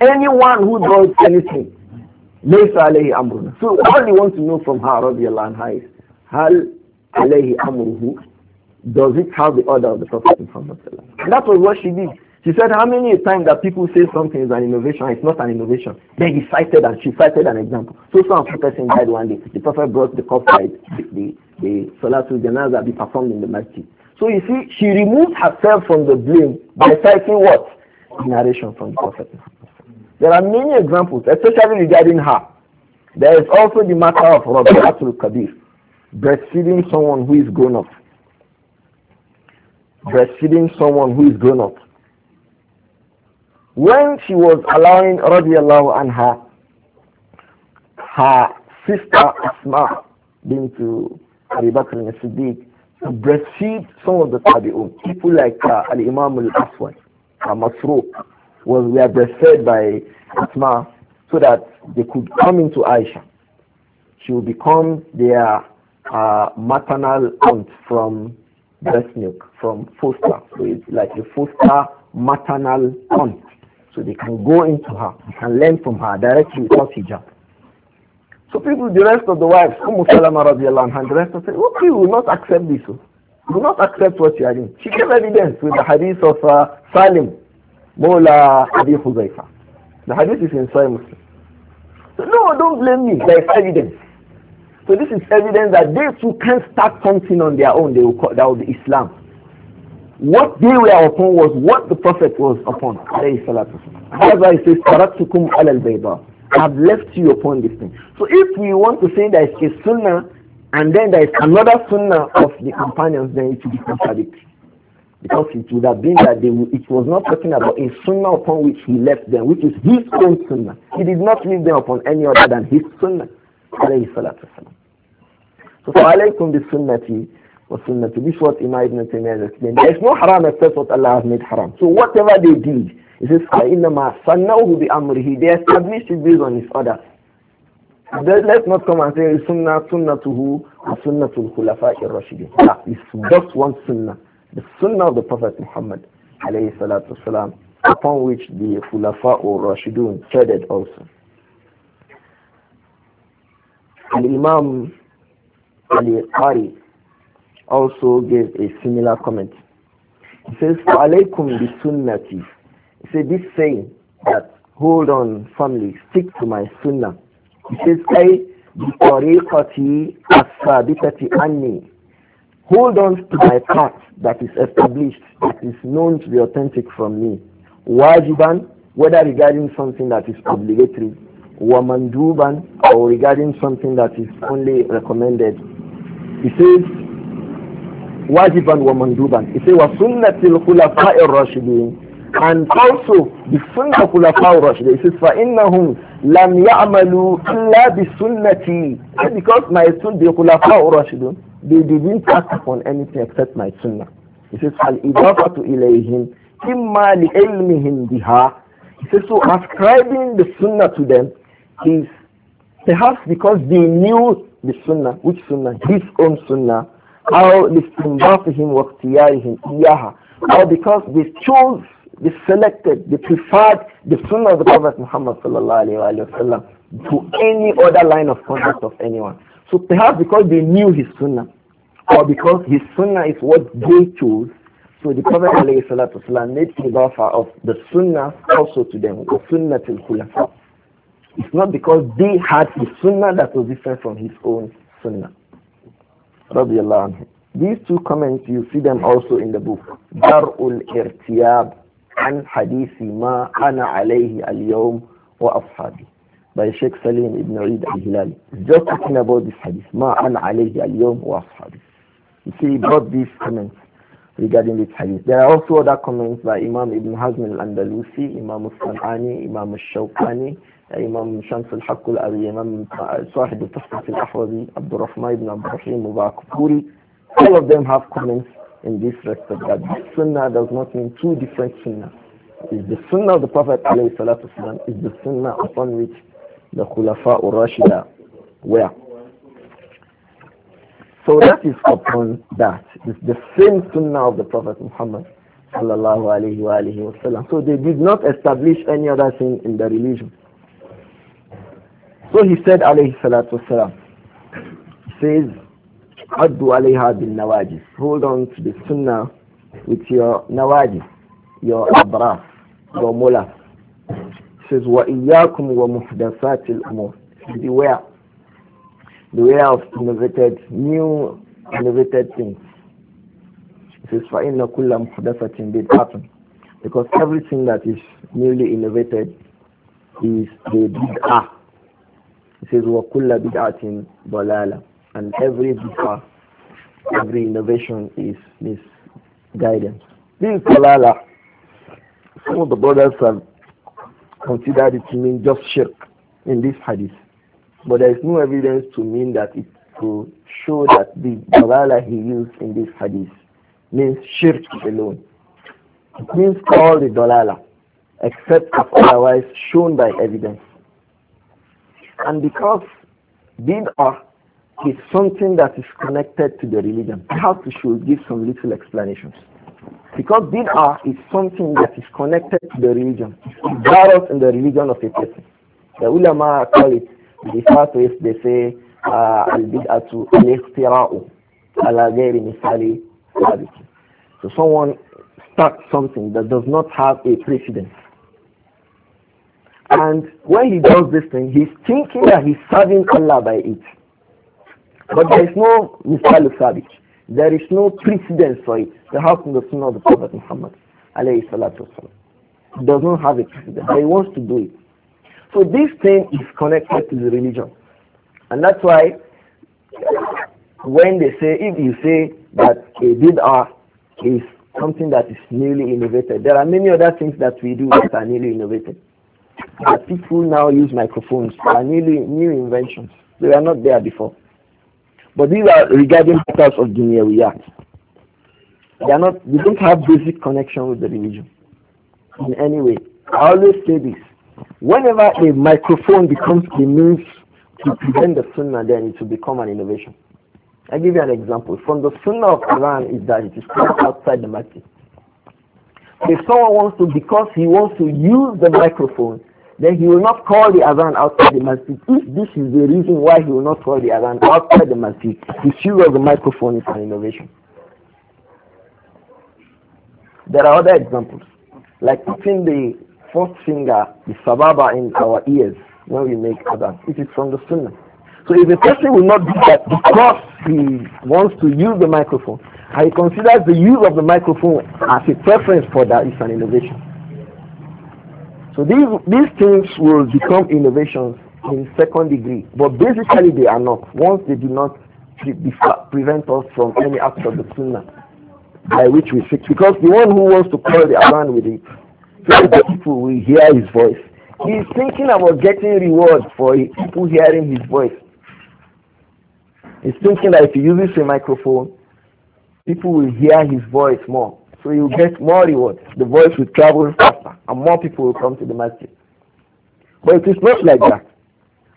Anyone who does anything, ليس عليه amru. So all you want to know from her, رضي الله is هل عليه أمره? Does it have the order of the Prophet Muhammad And that was what she did. She said, how many times that people say something is an innovation, it's not an innovation. Then he cited and she cited an example. So some person died one day. The Prophet brought the cup the, the Salatul Janaza be performed in the masjid. So you see, she removed herself from the blame by citing what? The narration from the Prophet. There are many examples, especially regarding her. There is also the matter of Rabi'atul Kabir, breastfeeding someone who is grown up. Breastfeeding someone who is grown up. When she was allowing Radiallahu and her, her sister Asma being to Abu Bakr al-Siddiq to breastfeed some of the Tabi'un, people like uh, Al-Imam al-Aswad, al uh, Masruq, was are breastfed by Asma so that they could come into Aisha. She will become their uh, maternal aunt from breast milk, from foster. So it's like a foster maternal aunt. So they can go into her, can learn from her directly without hijab. So people, the rest of the wives, Umm Salama radiallahu anha, the rest of them, okay, oh, we will not accept this. We oh. will not accept what you are doing. She gave evidence with the hadith of uh, Salim, Mawla The hadith is in Sahih Muslim. So, no, don't blame me. There is evidence. So this is evidence that they too can start something on their own. They will call, that will be Islam. What they were upon was what the Prophet was upon. That's why he Taratukum al I've left you upon this thing. So if we want to say there is a sunnah and then there is another sunnah of the companions, then it will be contradictory. Because it would have been that they, it was not talking about a sunnah upon which he left them, which is his own sunnah. He did not leave them upon any other than his sunnah. So for alaykum bi sunnati wa sunnati. This is what Imam Ibn Taymiyyah explained. There is no haram except what Allah has made haram. So whatever they did, it says, فَإِنَّمَا صَنَّوْهُ بِأَمْرِهِ They established it based on his order. Let's not come and say, sunnah to wa sunnatul khulafa'i rashidin. It's just one sunnah the sunnah of the Prophet Muhammad والسلام, upon which the Khulafa or Rashidun treaded also. Al-Imam Ali qari also gave a similar comment. He says, alaykum bi sunnati. He said this saying that, hold on family, stick to my sunnah. He says, I bi tariqati as-sabitati anni Hold on to my path that is established, that is known to be authentic from me. Wajiban, whether regarding something that is obligatory, wamanduban, or regarding something that is only recommended. He says, wajiban wamanduban. He says, wasunnatil khulafa'i rashidin. And also, the sunnah of khulafa'i rashidin. He says, فَإِنَّهُمْ لَمْ يَعْمَلُوا إِلَّا بِسُنَّتِي. Because my sunnah, the khulafa'i they didn't act upon anything except my sunnah. He says, Al-idafatu ilayhim, imma li'ilmihim biha. He says, so ascribing the sunnah to them is perhaps because they knew the sunnah, which sunnah? His own sunnah. How him wa him iyaha. Or because they chose, they selected, they preferred the sunnah of the Prophet Muhammad sallallahu alayhi wa sallam to any other line of conduct of anyone. So perhaps because they knew his sunnah, or because his sunnah is what they chose, so the Prophet ﷺ made his offer of the sunnah also to them, the sunnah to khulafa. It's not because they had a sunnah that was different from his own sunnah. These two comments, you see them also in the book. Dar'ul irtiyab an hadithi ma ana alayhi al-yawm wa ashabi. by Sheikh Salim ibn عيد al-Hilali. Just talking about this hadith. عليه اليوم alayhi You see, he brought these comments regarding this hadith. There are also other comments by Imam Ibn Hazm al-Andalusi, Imam al-San'ani, Imam al-Shawqani, Imam Shams al-Haq al-Ari, Imam Sahib al-Tahfat al-Ahwazi, Abdul Rahman ibn Abdul Rahim Mubarak Puri. All of them have comments in this respect that this sunnah does not mean two different sunnahs. It's the sunnah of the Prophet is the sunnah upon which the Khulafa or Rashida were. So that is upon that. It's the same sunnah of the Prophet Muhammad sallallahu So they did not establish any other thing in the religion. So he said alayhi salatu wasalam, says, Addu alayha bin nawajis. Hold on to the sunnah with your nawajis, your abra, your mullah says, وَإِيَّاكُمْ وَمُحْدَثَاتِ الْأُمُورِ Beware. Beware of innovated, new innovated things. It says, فَإِنَّ كُلَّ مُحْدَثَةٍ بِدْعَةٌ Because everything that is newly innovated is a bid'ah. It says, وَكُلَّ بِدْعَةٍ ضَلَالًا And every bid'ah, every innovation is misguidance. This is Some of the brothers have considered it to mean just shirk in this hadith. But there is no evidence to mean that it to show that the dalalah he used in this hadith means shirk alone. It means all the dalala, except if otherwise shown by evidence. And because bid'ah is something that is connected to the religion, I have to show, give some little explanations. Because bid'ah is something that is connected to the religion. It's virus in the religion of a person. The ulama call it, they refer to they say, uh, al-bid'atu uh, al-ikhtira'u ala ghairi misali So someone starts something that does not have a precedent. And when he does this thing, he's thinking that he's serving Allah by it. But there is no misal sabit. There is no precedence for it. The house in the Sunnah of the Prophet Muhammad alayhi salatu wasalam, doesn't have a precedent, but he wants to do it. So this thing is connected to the religion. And that's why when they say, if you say that a bid'ah is something that is newly innovated, there are many other things that we do that are newly innovated. But people now use microphones are newly new inventions. They were not there before. But these are regarding matters of dunyawiyat. They are not, We don't have basic connection with the religion in any way. I always say this. Whenever a microphone becomes a means to present the sunnah, then it will become an innovation. I give you an example. From the sunnah of Quran is that it is placed outside the masjid. If someone wants to, because he wants to use the microphone, then he will not call the Adhan outside the masjid. If this is the reason why he will not call the Adhan outside the masjid, the issue of the microphone is an innovation. There are other examples, like putting the fourth finger, the sababa, in our ears when we make Adhan. It is from the Sunnah. So if a person will not do that because he wants to use the microphone, I consider the use of the microphone as a preference for that, it's an innovation. So these, these things will become innovations in second degree, but basically they are not. Once they do not pre prevent us from any act of the sunnah by which we seek, because the one who wants to call the Quran with it, so that people will hear his voice, he is thinking about getting reward for people hearing his voice. He's thinking that if he uses a microphone, people will hear his voice more. So you get more reward. The voice will travel faster and more people will come to the masjid. But it is not like that.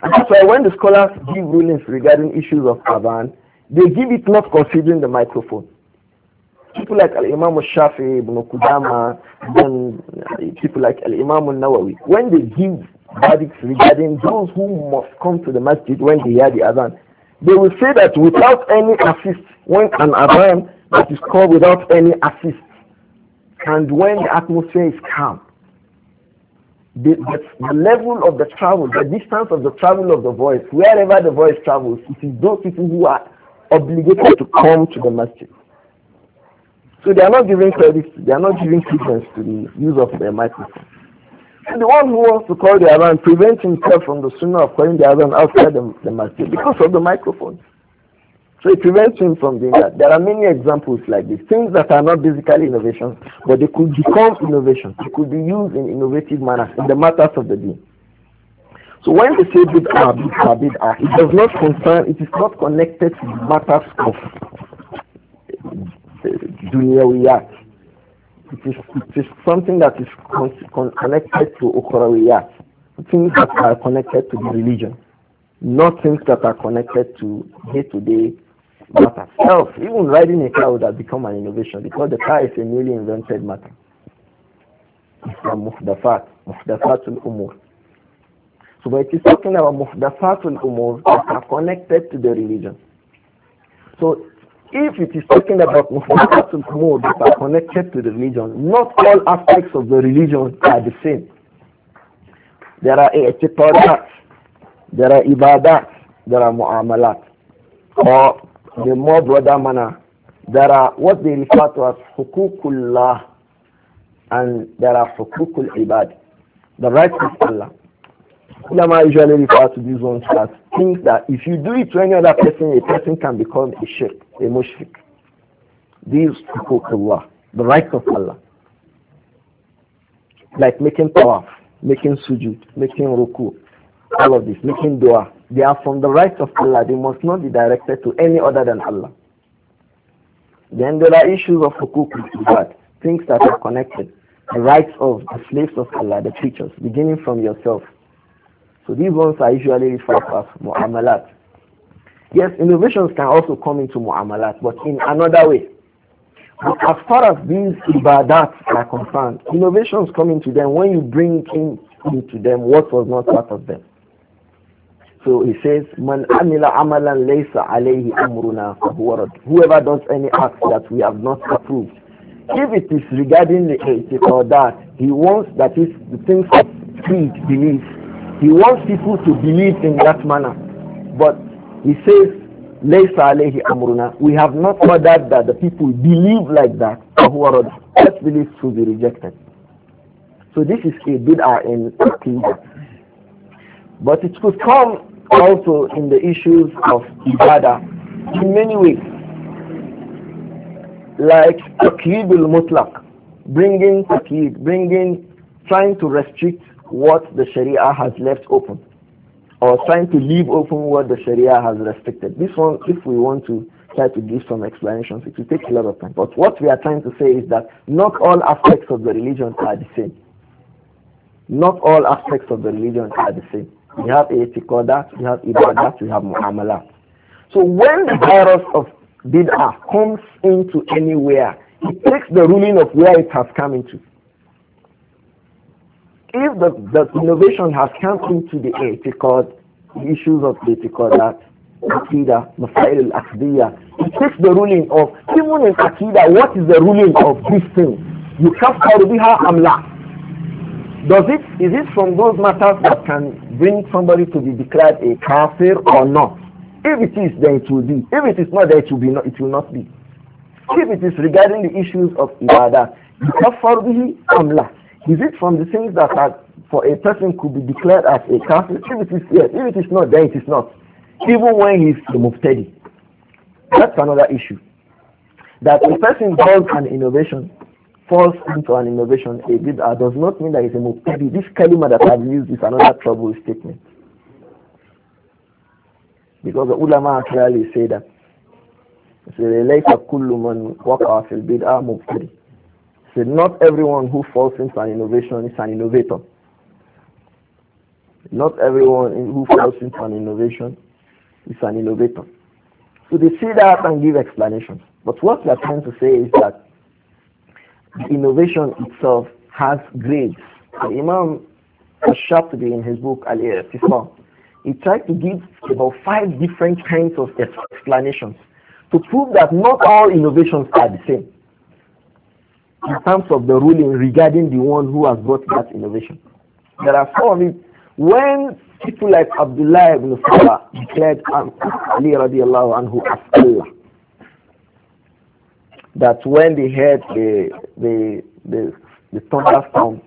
And that's why when the scholars give rulings regarding issues of Adhan, they give it not considering the microphone. People like Al-Imam al-Shafi, Ibn Qudama, then uh, people like Al-Imam al-Nawawi, when they give verdicts regarding those who must come to the masjid when they hear the Adhan, they will say that without any assist, when an Adhan that is called without any assist, and when the atmosphere is calm, the, the, level of the travel, the distance of the travel of the voice, wherever the voice travels, it is those people who are obligated to come to the masjid. So they are not giving credit, they are not giving credence to the use of the microphone. And the one who wants to call the Iran prevents himself from the sunnah of calling the Iran outside the, the masjid because of the microphone. So it prevents him from doing that. There are many examples like this. Things that are not basically innovations, but they could become innovations. They could be used in innovative manner in the matters of the deen. So when they say bid'ah, bid'ah, bid'ah, it does not concern, it is not connected to matters of dunyawiyat. It is, it is something that is con con connected to ukhrawiyat, things that are connected to the religion, not things that are connected to day-to-day day to day matter. Self, even riding a car would have become an innovation because the car is a newly invented matter. It's from muhdafat, muhdafatul umur. So when it is talking about muhdafatul umur that are connected to the religion. So if it is talking about muhdafatul umur that are connected to the religion, not all aspects of the religion are the same. There are i'tiqadat, there are ibadat, there are mu'amalat. Or the more broader manner, there are what they refer to as hukukullah and there are hukukul ibad. The right is Allah. Ulama usually refer to these ones as things that if you do it to any other person, a person can become a shirk, a mushrik. These hukukullah, the rights of Allah. Like making tawaf, making sujud, making ruku, all of this, making dua, they are from the rights of Allah. They must not be directed to any other than Allah. Then there are issues of hukuk, things that are connected. The rights of the slaves of Allah, the creatures, beginning from yourself. So these ones are usually referred to as mu'amalat. Yes, innovations can also come into mu'amalat, but in another way. But as far as these ibadat are concerned, innovations come into them when you bring in, into them what was not part of them. So he says, Man amila amalan laysa alayhi amruna Whoever does any act that we have not approved. If it is regarding the or that he wants that is the things of creed, belief, he wants people to believe in that manner. But he says, Laysa alayhi amruna. We have not ordered that the people believe like that. That belief should be rejected. So this is a bid'ah in Aqidah. But it could come also in the issues of ibadah in many ways like taqyidul mutlaq bringing taqyid bringing trying to restrict what the sharia has left open or trying to leave open what the sharia has restricted this one if we want to try to give some explanations it will take a lot of time but what we are trying to say is that not all aspects of the religion are the same not all aspects of the religion are the same we have that we have ibadat, we have mu'amala. So when the virus of bid'ah comes into anywhere, it takes the ruling of where it has come into. If the, the innovation has come into the etiqad, the issues of the that, Akida, Masail al Akdiya. It takes the ruling of, even in Akida, what is the ruling of this thing? You can't call Biha Amla. Does it, is it from those matters that can bring somebody to be declared a kafir or not? If it is, then it will be. If it is not, then it will, be not, it will not be. If it is regarding the issues of ibadah, amla. Is it from the things that are, for a person could be declared as a kafir? If it is yes, if it is not, then it is not. Even when he is muftadi. That's another issue. That a person does an innovation falls into an innovation, a bid'ah, uh, does not mean that it's a muqtadi. This kalima that I've used is another trouble statement. Because the ulama clearly say that. So, لَيْسَ كُلُّ مَنْ وَقَعَ فِي a مُبْتَدِي So, not everyone who falls into an innovation is an innovator. Not everyone who falls into an innovation is an innovator. So they see that and give explanations. But what they are trying to say is that the innovation itself has grades. The Imam Ash-Shatibi in his book Al-Irtifam, he tried to give about five different kinds of explanations to prove that not all innovations are the same in terms of the ruling regarding the one who has brought that innovation. There are four of it. When people like Abdullah ibn Salah declared Ali radiallahu anhu as Allah, that when they heard the the the, the thunder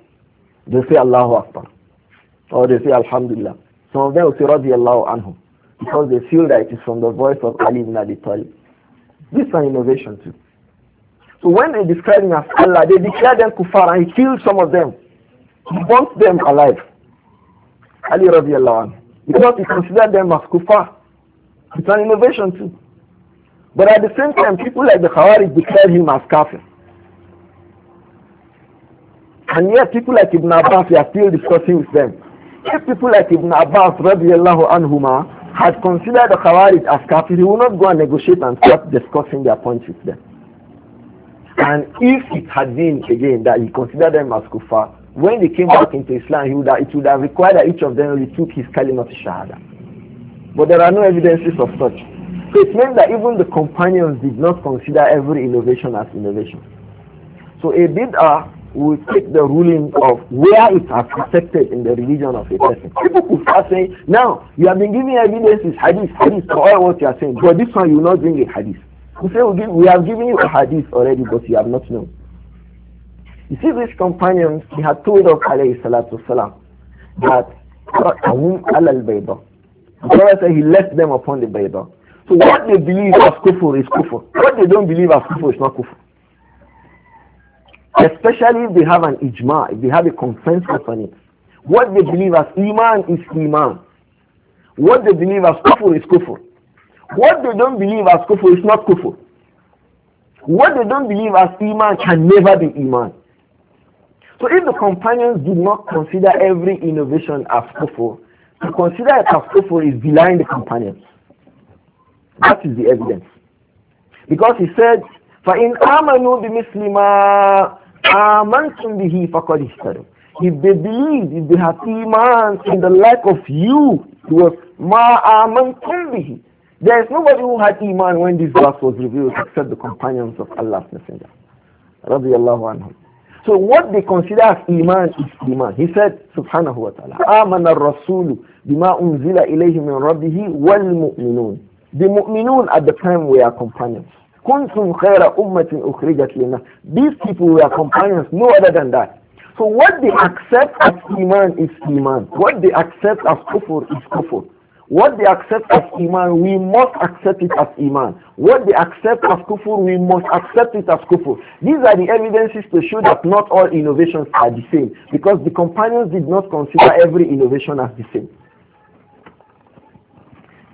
they say Allahu Akbar. Or they say Alhamdulillah. Some of them will say Radiallahu Anhu. Because they feel that it is from the voice of Ali ibn Abi Talib. This is an innovation too. So when they describe him as Allah, they declare them kuffar and he killed some of them. He burnt them alive. Ali radiallahu anhu. Because he considered them as kuffar. It's an innovation too. But at the same time, people like the Khawarij declared him as kafir. And yet people like Ibn Abbas, are still discussing with them. If people like Ibn Abbas, radiallahu anhuma, had considered the Khawarij as kafir, he would not go and negotiate and start discussing their points with them. And if it had been, again, that he considered them as kuffar, when they came back into Islam, he would have, it would have required that each of them retook his kalimat shahada. But there are no evidences of such. So it meant that even the companions did not consider every innovation as innovation. So a bid'ah will take the ruling of where it has affected in the religion of a person. People could start saying, now, you have been giving evidences, hadith, hadith, for all what you are saying, but this one you will not bring a hadith. You say, we, have given you a hadith already, but you have not known. You see, these companions, they had told of alayhi salatu salam, that, the Prophet said he left them upon the bayda. So what they believe as kufur is kufur. What they don't believe as kufur is not kufur. Especially if they have an ijma, if they have a consensus on it. What they believe as iman is iman. What they believe as kufur is kufur. What they don't believe as kufur is not kufur. What they don't believe as iman can never be iman. So if the companions did not consider every innovation as kufur, to consider it as kufur is denying the companions. That is the evidence. Because he said, فَإِنْ آمَنُوا بِمِثْلِ مَا آمَنْتُمْ بِهِ فَقَدْ اهْتَدُوا If they believe, if they have iman in the like of you, was ma آمَنْتُمْ بِهِ There is nobody who had iman when this verse was revealed except the companions of Allah's Messenger. رضي الله So what they consider as iman is iman. He said, subhanahu wa ta'ala, آمَنَ الرَّسُولُ بِمَا أُنزِلَ إِلَيْهِ مِنْ رَبِّهِ وَالْمُؤْمِنُونَ the mu'minun at the time were companions. Kuntum khaira ummatin أخرجت لنا. These people were companions, no other than that. So what they accept as iman is iman. What they accept as kufr is kufr. What they accept as iman, we must accept it as iman. What they accept as kufr, we must accept it as kufr. These are the evidences to show that not all innovations are the same, because the companions did not consider every innovation as the same.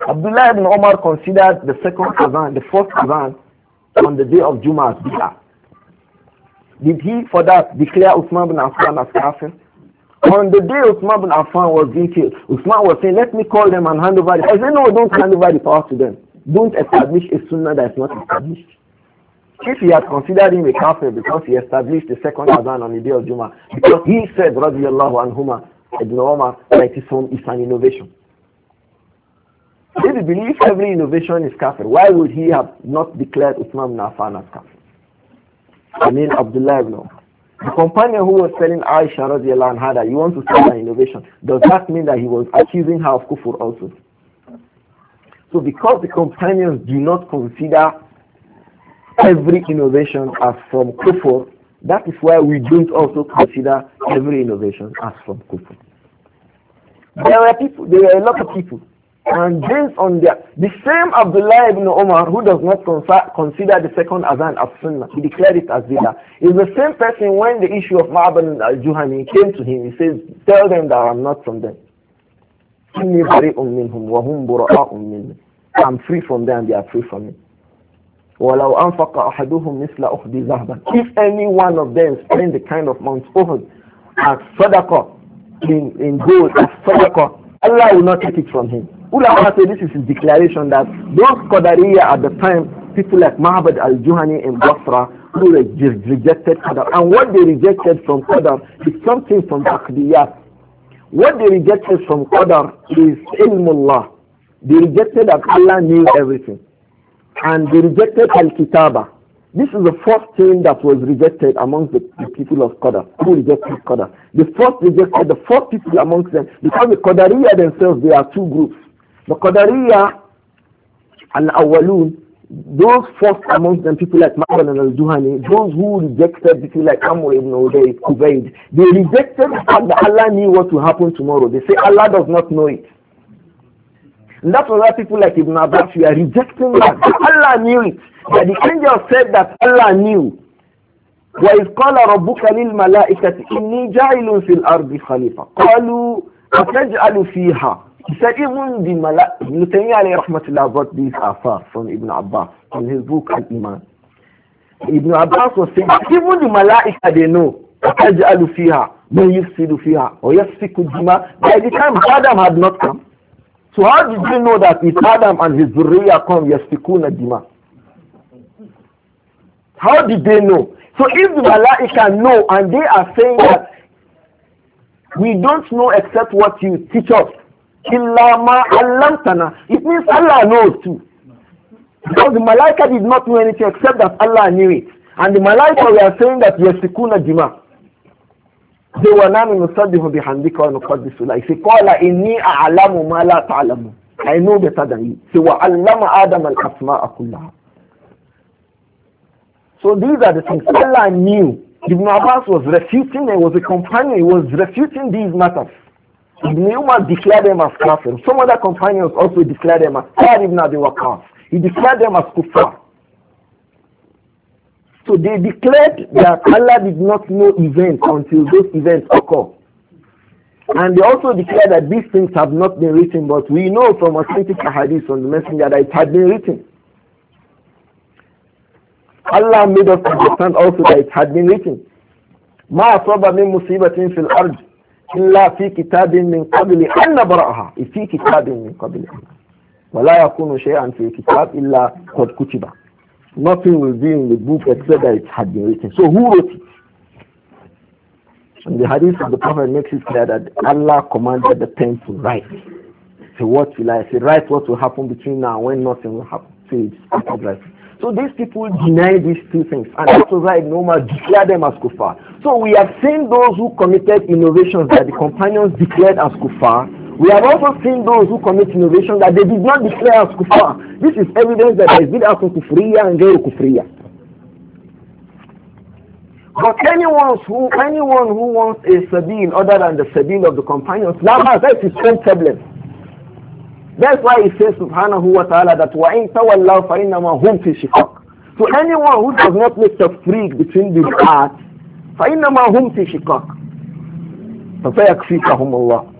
Abdullah ibn Omar considered the second Azan, the first Azan on the day of Juma as bid'ah. Did he for that declare Uthman bin Affan as kafir? On the day Uthman bin Affan was being killed, Uthman was saying, let me call them and hand over the power. I said, no, don't hand over the power to them. Don't establish a sunnah that is not established. If he had considered him a kafir because he established the second Azan on the day of Juma, because he said, radiallahu anhumah, Ibn Umar, that his home is an innovation. If he believe every innovation is kafir, why would he have not declared Uthman ibn Affan as kafir? I mean Abdullah ibn Umar. The companion who was telling Aisha radiallahu anha that you want to sell an innovation, does that mean that he was accusing her of kufur also? So because the companions do not consider every innovation as from kufur, that is why we don't also consider every innovation as from kufur. There were people, there were a lot of people and based on their, the same Abdullah ibn Omar who does not consider the second Azan as Sunnah, he declared it as Bidah, is the same person when the issue of Ma'aban al-Juhani came to him, he says, tell them that I'm not from them. I'm free from them, they are free from me. ولو أنفق أحدهم مثل أحد ذهبا If any one of them spend the kind of Mount Uhud as sadaqah in, in gold, as sadaqah, Allah will not take it from him. Ulama say this is a declaration that those Qadariya at the time, people like Mahabad al-Juhani in Basra, who rejected Qadar. And what they rejected from Qadar is something from Aqdiyat. What they rejected from Qadar is Ilmullah. They rejected that Allah knew everything. And they rejected Al-Kitaba. This is the first thing that was rejected amongst the, the people of Qadar, who rejected Qadar. The first rejected, the first people amongst them, because the Qadariya themselves, they are two groups. The Qadariya and Awalun, those first amongst them, people like Marwan and Al-Duhani, those who rejected people like Amr ibn Uday, Kubayid, they rejected and that Allah knew what will happen tomorrow. They say Allah does not know it. And that's why people like Ibn Abbas, you are rejecting that. Allah knew it. That the angel said that Allah knew. وَإِذْ قَالَ رَبُّكَ لِلْمَلَائِكَةِ إِنِّي جَعِلٌ فِي الْأَرْضِ خَلِيفَةً قَالُوا أَتَجْعَلُ فِيهَا he said even the Malak, Ibn Taymiyyah rahmatullah brought these affair from Ibn Abbas in his book Al-Iman. Ibn Abbas was saying even the Malaika they know تجعل فيها من يفسد فيها ويسفك الدماء by the time Adam had not come. So how did you know that if Adam and his Zuriya come يسفكون الدماء? How did they know? So if the Malaika know and they are saying that we don't know except what you teach us, Illama allamtana. It means Allah knows too. Because the Malaika did not know anything except that Allah knew it. And the Malaika are saying that yasikuna jima. They were not in the bihamdika wa nuqaddisu la. He said, Qala inni a'lamu ma la I know better than you. He said, allama Adam al-asma'a So these are the things Allah knew. Ibn Abbas was refuting, he was a companion, he was refuting these matters. Ibn declared them as kafir. Some other companions also declared them as Sa'd they were Waqqas. He declared them as kuffar. So they declared that Allah did not know events until those events occur. And they also declared that these things have not been written, but we know from authentic hadith from the messenger that it had been written. Allah made us understand also that it had been written. ما min من مصيبة إلا في كتاب من قبل أن نبرأها في كتاب من قبل ولا يكون شيئا في كتاب إلا قد كتب Nothing will be in the book except that it had been written. So who wrote it? And the hadith of the Prophet makes it clear that Allah commanded the pen to write. So what will I say? Write what will happen between now and when nothing will happen. So it's so these people deny these two things, and that's why Ibn Umar declared them as kuffar. So we have seen those who committed innovations that the companions declared as kuffar. We have also seen those who commit innovations that they did not declare as kuffar. This is evidence that there is bid'ah kufriya and gay kufriya. But anyone who anyone who wants a sabine other than the sabine of the companions, that's his own problem. That's why he says subhanahu wa ta'ala that وَإِن تَوَلَّوْا فَإِنَّمَا هُمْ فِي شِقَاقٍ So anyone who does not make freak between the art, فَإِنَّمَا هُمْ فِي شِقَاقٍ فَسَيَكْفِيكَهُمُ اللَّهُ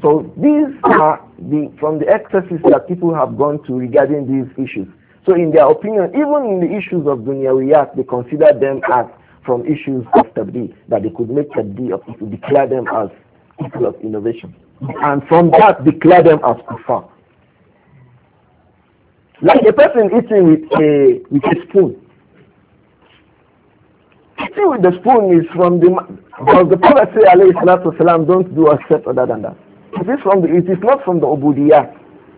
So these are the, from the excesses that people have gone to regarding these issues. So in their opinion, even in the issues of dunyawiyat, they consider them as from issues of tabdi, that they could make tabdi of, declare them as people of innovation and from that declare them as kuffar. Like a person eating with a with a spoon. Eating with the spoon is from the because the Prophet say alayhi salatu salam don't do except other than that. It is from the it is not from the ubudiyah.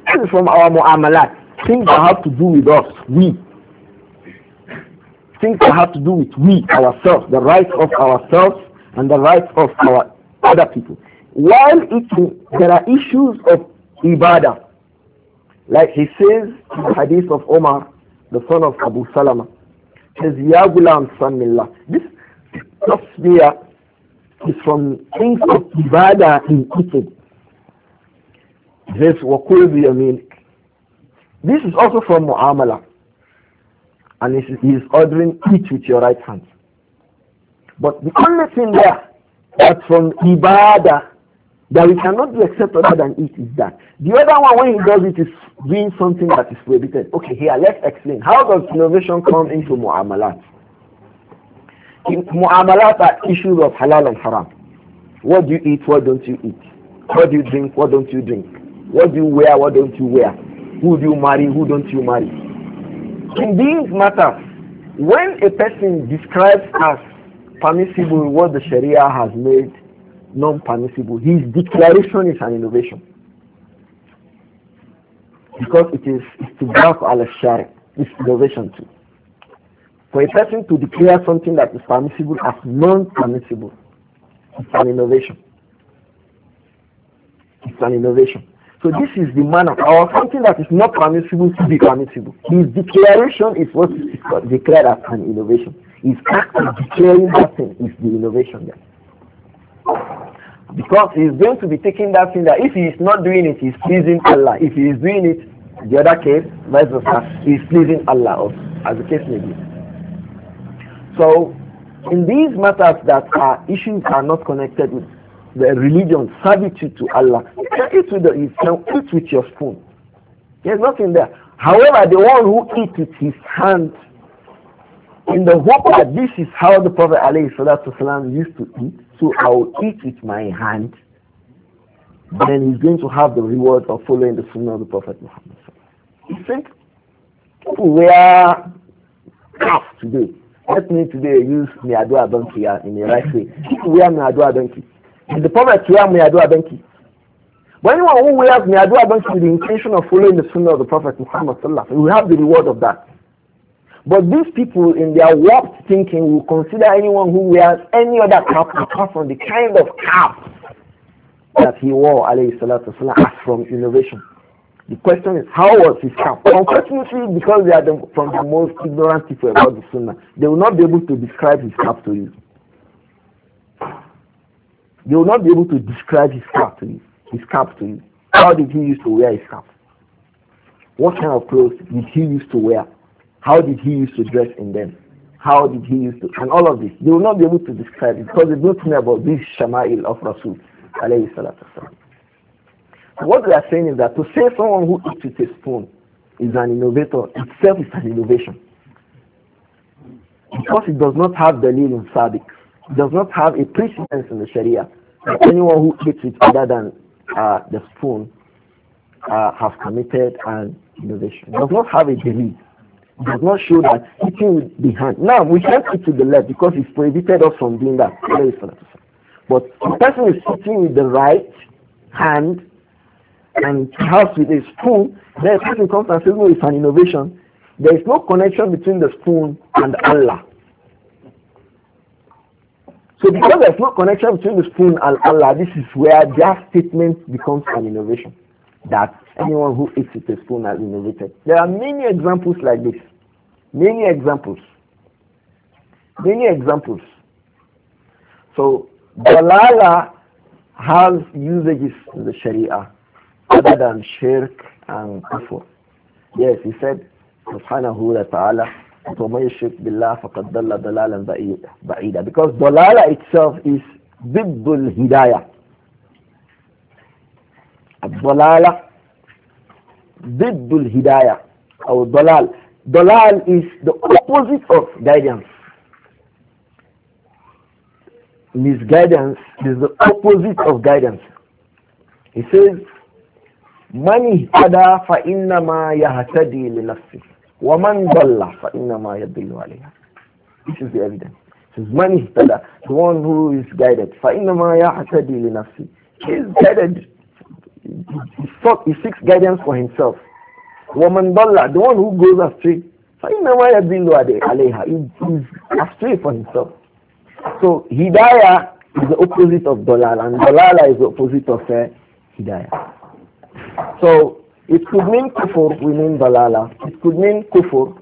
It is from our mu'amalat. Things that have to do with us, we. Things that have to do with we, ourselves, the rights of ourselves and the rights of our other people. While eating, there are issues of ibadah. Like he says in the hadith of Omar, the son of Abu Salama, says, Ya Gulam Sanillah. This tasbiyah is from things of ibadah in eating. This This is also from mu'amala. And he is ordering eat with your right hand. But the only thing there that's from ibadah that we cannot do except other than it is that. The other one, when he does it, is doing something that is prohibited. Okay, here, let's explain. How does innovation come into mu'amalat? In mu'amalat are issues of halal and haram. What do you eat? What don't you eat? What do you drink? What don't you drink? What do you wear? What don't you wear? Who do you marry? Who don't you marry? In these matters, when a person describes as permissible what the Sharia has made non-permissible. His declaration is an innovation. Because it is to graph al-shari. It's innovation too. For a person to declare something that is permissible as non-permissible, it's an innovation. It's an innovation. So this is the manner, or something that is not permissible to be permissible. His declaration is what is declared as an innovation. His act of declaring that thing is the innovation there. Because he is going to be taking that thing that if he is not doing it, he is pleasing Allah. If he is doing it, the other case, vice versa, he is pleasing Allah, also, as the case may be. So, in these matters that are issues are not connected with the religion, servitude to Allah, eat with, the, you can eat with your spoon. There's nothing there. However, the one who eats with his hand, in the hope that this is how the Prophet ﷺ used to eat, so I will eat with my hand. Then he's going to have the reward of following the sunnah of the Prophet Muhammad. He said, people wear calf today. Let me today use Miadua donkey uh, in the right way. People wear Miadua donkey. And the Prophet wear Miadua donkey. But anyone who wears Miadua donkey with the intention of following the sunnah of the Prophet Muhammad, we have the reward of that. But these people, in their warped thinking, will consider anyone who wears any other cap apart from the kind of cap that he wore, alayhi salatu as from innovation. The question is, how was his cap? Unfortunately, because they are the, from the most ignorant people about the sunnah, they will not be able to describe his cap to you. They will not be able to describe his cap to you. His cap to you. How did he used to wear his cap? What kind of clothes did he used to wear? How did he used to dress in them? How did he used to? And all of this, they will not be able to describe it because it's nothing not about this Shama'il of Rasul What we are saying is that to say someone who eats with a spoon is an innovator itself is an innovation. Because it does not have the lead in Sabiq, it does not have a precedence in the Sharia. Anyone who eats it other than uh, the spoon uh, committed an innovation. It does not have a belief does not show that eating with the hand. Now, we can't eat to the left because it's prohibited us from doing that. But the person is sitting with the right hand and has with a spoon, then a person comes and says, no, it's an innovation. There is no connection between the spoon and Allah. So because there's no connection between the spoon and Allah, this is where their statement becomes an innovation. That Anyone who eats with a spoon has innovated. There are many examples like this. Many examples. Many examples. So, dalala has usages in the Sharia other than shirk and kufr. Yes, he said, subhanahu wa ta'ala, وَمَنْ يُشْرِكْ بِاللَّهِ فَقَدْ ضَلَّ ضَلَالًا Because dalala itself is ضد الهداية الضلالة Ziddul Hidayah or Dalal. Dalal is the opposite of guidance. Misguidance is the opposite of guidance. He says, Mani hada fa innama yahtadi li nafsi. Wa man dalla fa innama yadillu alayha. This is the evidence. It says, Mani hada, the one who is guided. Fa innama yahtadi li nafsi. He is guided he, sought, he seeks guidance for himself. Woman dollar, the one who goes astray. So you know why He's astray for himself. So Hidayah is the opposite of Dolala and Dolala is the opposite of uh, Hidayah. So it could mean kufur, we mean Dolala. It could mean kufur.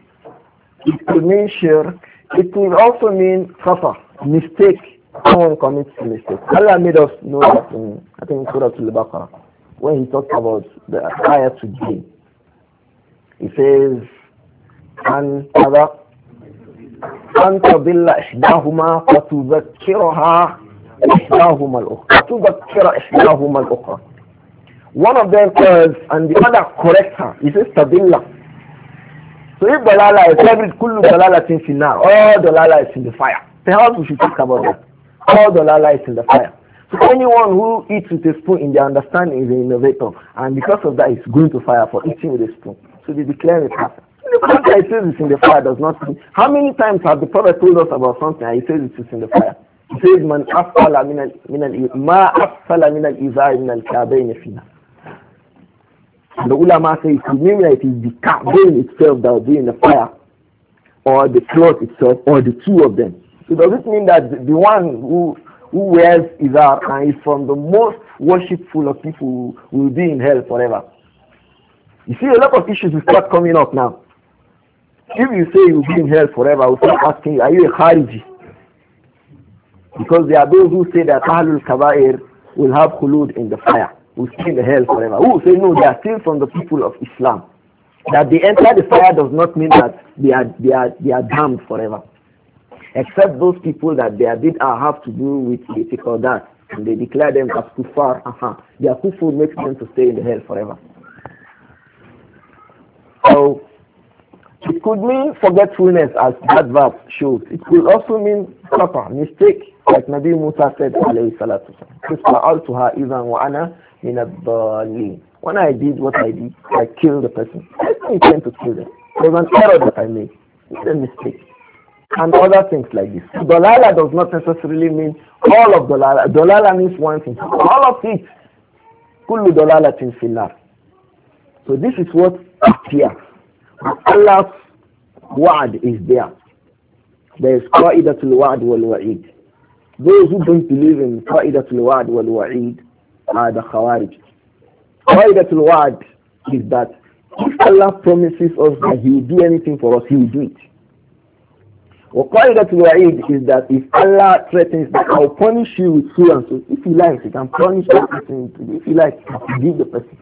It could mean shirk. It could also mean khata, mistake. Someone commits a mistake. Allah made us know that in, I think, Surah Al-Baqarah when he talks about the prior to day. He says, أن أن تضل إحداهما فتذكرها إحداهما الأخرى فتذكر إحداهما الأخرى One of them says, and the other corrects her. He says تضل So if Dalala is every كل Dalala is in the All Dalala is in the fire. Perhaps we should talk about that. All Dalala is in the fire. So anyone who eats with a spoon in their understanding is an innovator, and because of that, is going to fire for eating with a spoon. So they declare it happened. The says it's in the fire does not mean. How many times have the Prophet told us about something and he says it's in the fire? He says, "Man asfala al ma asfala min al And the ulama say it is mean that it is the kabayn itself that will be in the fire, or the cloth itself, or the two of them. So does it mean that the one who who wears izar and is from the most worshipful of people will be in hell forever. You see, a lot of issues will start coming up now. If you say you'll be in hell forever, I'll start asking are you a Khariji? Because there are those who say that Ahlul Kabair will have khulud in the fire, will stay in the hell forever. Who say no, they are still from the people of Islam. That they enter the fire does not mean that they are, they are, they are damned forever. Except those people that their bid'ah have to do with that, and they declare them as kuffar, Uh -huh. Their kufur makes them to stay in the hell forever. So, it could mean forgetfulness as that verse shows. It could also mean proper mistake, like Nabi Musa said, alayhi salatu wasalam. When I did what I did, I killed the person. I didn't intend to kill them. It was an error that I made. It's a mistake and other things like this. Dolala does not necessarily mean all of dolala. Dolala means one thing. All of it. Kullu dolalatin fillah. So this is what here. Allah's word is there. There is qa'idatul wa'd wal wa'id. Those who don't believe in qa'idatul wa'd wal wa'id are the khawarij. Qa'idatul wa is that if Allah promises us that he will do anything for us, he will do it. وَقَائِدَةُ الْوَعِيدِ is that if Allah threatens that I'll punish you with so and so, if he likes, he can punish that person. If he likes, he can the person.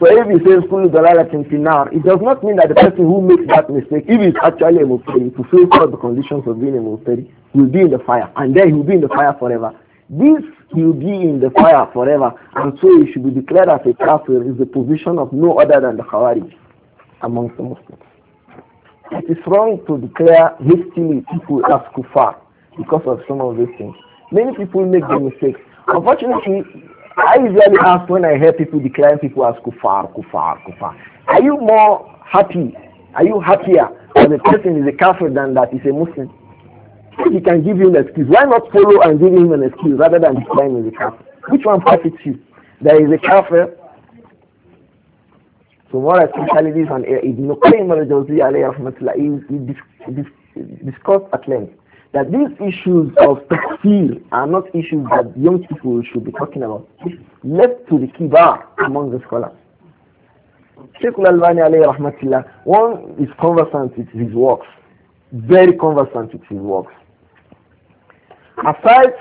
So if he says Kulu Dalalatin now, it does not mean that the person who makes that mistake, if he's actually a Muslim, to fulfill all the conditions of being a Muftari, will be in the fire. And then he'll be in the fire forever. This he'll be in the fire forever. And so he should be declared as a kafir is the position of no other than the Khawarij amongst the Muslims. It is wrong to declare hastily people as kuffar because of some of these things. Many people make the mistake. Unfortunately, I usually ask when I hear people declaring people as kuffar, kuffar, kuffar. Are you more happy? Are you happier when the person is a kafir than that is a Muslim? If he can give you an excuse, why not follow and give him an excuse rather than declaring him as a kafir? Which one profits you? There is a kafir so more especially this one, Ibn Qayyim al-Jawzi alayhi rahmatullah, he, discussed at length that these issues of tafsir are not issues that young people should be talking about. It's left to the kibar among the scholars. Sheikh al-Albani one is conversant with his works, very conversant with his works. Aside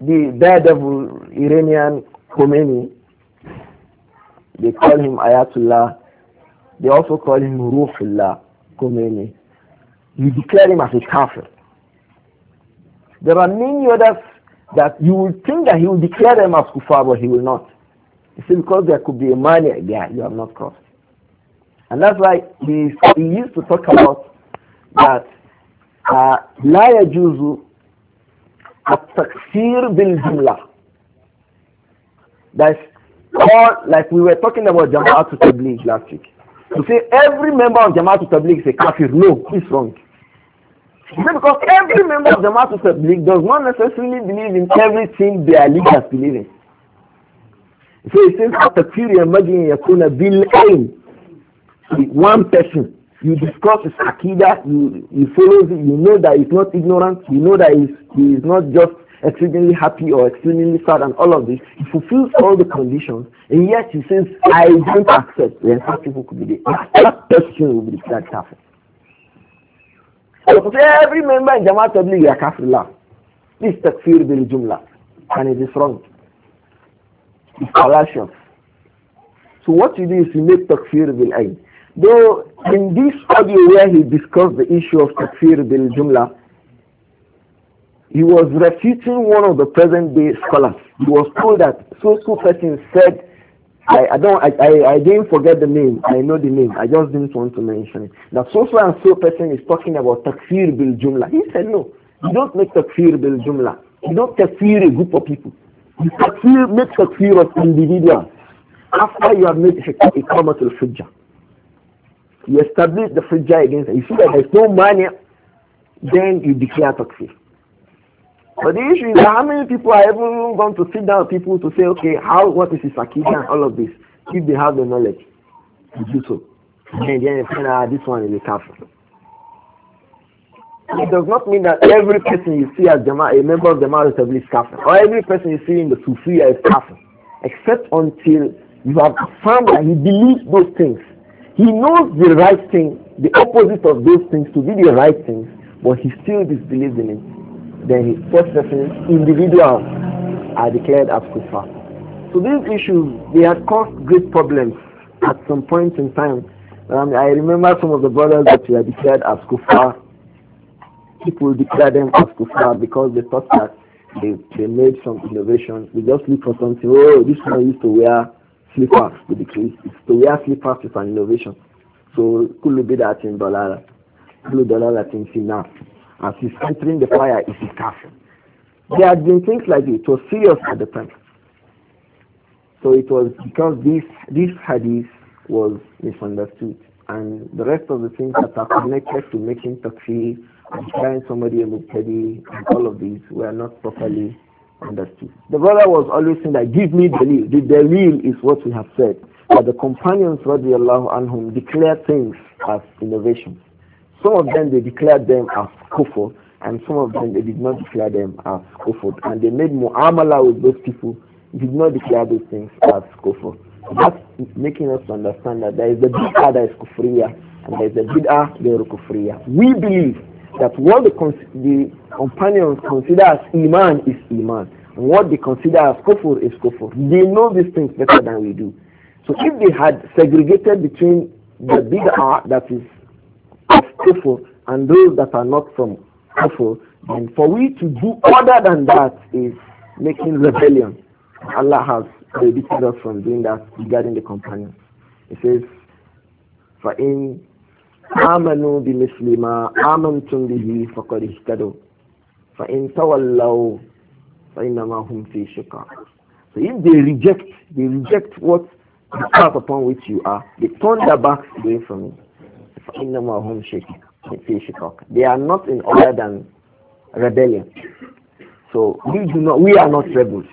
the daredevil Iranian Khomeini, they call him Ayatullah. They also call him Ruhullah Khomeini. You declare him as a kafir. There are many others that you will think that he will declare them as kuffar, but he will not. You see, because there could be a mania there, you have not crossed. And that's why he, he used to talk about that لا uh, يجوز bil jumla. That's. Or like we were talking about Jama'at Tabligh last week. To say every member of Jama'at Tabligh is a kafir. No, it's wrong. Because every member of Jama'at Tabligh does not necessarily believe in everything their leaders believe in. So it says, "Takfir yamajin yakuna in. One person. You discuss his akida, you, you follow, you know that he's not ignorant, you know that he's, he is not just exceedingly happy or exceedingly sad and all of this, he fulfills all the conditions, and yet he says, I don't accept, then such people could be the that person will be declared kafir. So every member in Jamaat Tabligh, is are kafir This takfir bil jumla, and it is wrong. It's fallacious. So what you do is you make takfir bil ayn. Though in this audio where he discussed the issue of takfir bil jumla, he was refuting one of the present day scholars. He was told that so so person said I, I don't I, I, I didn't forget the name. I know the name. I just didn't want to mention it. Now so so and so person is talking about takfir bil jumla. He said no. You don't make takfir bil jumla. You don't takfir a group of people. You takfir make takfir of individuals. After you have made a to al hujjah. You establish the hujjah against it. You see that there's no money, then you declare takfir. But the issue is how many people are even going to sit down people to say, okay, how what is this akida and all of this, if they have the knowledge to do so. And then you find out this one is a kafir. It does not mean that every person you see as Jama, a member of the Maharashtra is kafir, or every person you see in the Sufiya is kafir, except until you have affirmed that he believes those things. He knows the right thing, the opposite of those things to be the right things, but he still disbelieves in it then his possessions individual are declared as kufa. So these issues, they have caused great problems at some point in time. Um, I remember some of the brothers that were declared as kufa. People declared them as kufa because they thought that they, they made some innovation. We just look for something. Oh, this one used to wear slippers to the case. To wear slippers is an innovation. So, could be that in dollar. Could be that in finance as he's entering the fire is his kafir. There had been things like it. was serious at the time. So it was because this, this hadith was misunderstood. And the rest of the things that are connected to making takfir, declaring somebody a muqtadi, and all of these were not properly understood. The brother was always saying that, give me dalil. The dalil is what we have said. But the companions, radiallahu anhum, declare things as innovations. Some of them, they declared them as kufr, and some of them, they did not declare them as kufr. And they made mu'amala with those people, did not declare those things as kufr. That's making us understand that there is the bid'ah that is kufriya, and there is the bid'ah that is kufriya. We believe that what the, the companions consider as iman is iman. And what they consider as kufr is kufr. They know these things better than we do. So if they had segregated between the bid'ah that is of Kufu and those that are not from Kufu, and for we to do other than that is making rebellion. Allah has prohibited us from doing that regarding the companions. He says, in فَإِنْ آمَنُوا بِمِثْلِ مَا آمَنْتُمْ بِهِ فَقَدْ in فَإِنْ تَوَلَّوْا فَإِنَّمَا hum fi شِقَاقٍ So if they reject, they reject what the path upon which you are, they turn their backs away from you they are not in other than rebellion so we do not we are not rebels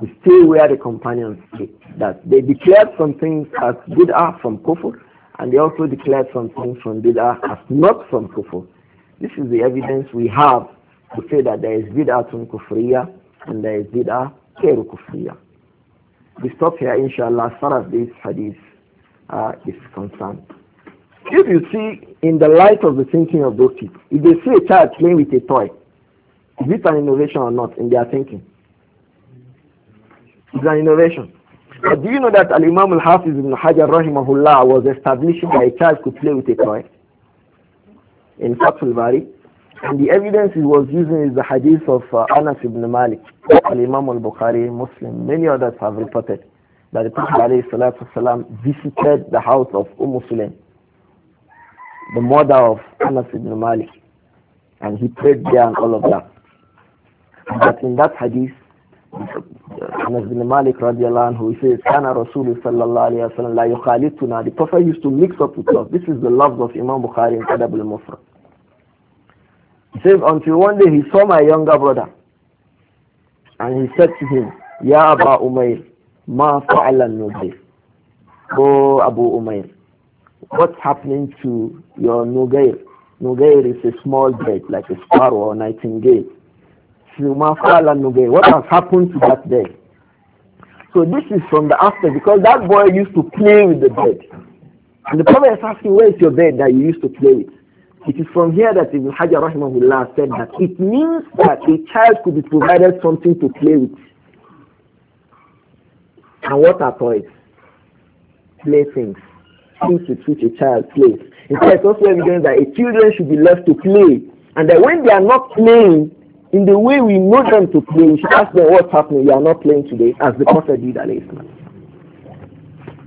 we stay where the companions stay that they declared some things as bid'ah from kufr and they also declared some things from bid'ah as not from kufr this is the evidence we have to say that there is bidah from kufriya and there is bid'ah kairu kufriya we stop here inshallah as far as this hadith uh, is concerned if you see in the light of the thinking of those people, if they see a child playing with a toy, is it an innovation or not in their thinking? It's an innovation. But do you know that Al Imam Al Hafiz ibn Hajar rahimahullah was establishing that a child could play with a toy in Fatul Bari? And the evidence he was using is the hadith of uh, Anas ibn Malik, Al Imam Al Bukhari, Muslim, many others have reported that the Prophet ﷺ visited the house of Umm Sulaim the mother of Anas ibn Malik. And he prayed there and all of that. But in that hadith, Anas ibn Malik radiallahu anhu, he says, Kana Rasul sallallahu alayhi wa sallam la yukhalituna. The Prophet used to mix up with love. This is the love of Imam Bukhari in Qadab al-Mufra. He says, until one day he saw my younger brother. And he said to him, Ya Aba Umayr, ma fa'ala nubir. Oh Abu Umayr, what's happening to your Nugair? Nugair is a small bird, like a sparrow or nightingale. what has happened to that bird? So this is from the after, because that boy used to play with the bird. And the Prophet is asking, where is your bird that you used to play with? It is from here that Ibn Hajar rahimahullah said that it means that a child could be provided something to play with. And what are toys? Play things things to which a child plays. In fact, also evident that a children should be left to play. And that when they are not playing, in the way we know them to play, we should ask them what's happening. You are not playing today, as the Prophet did, alayhi salam.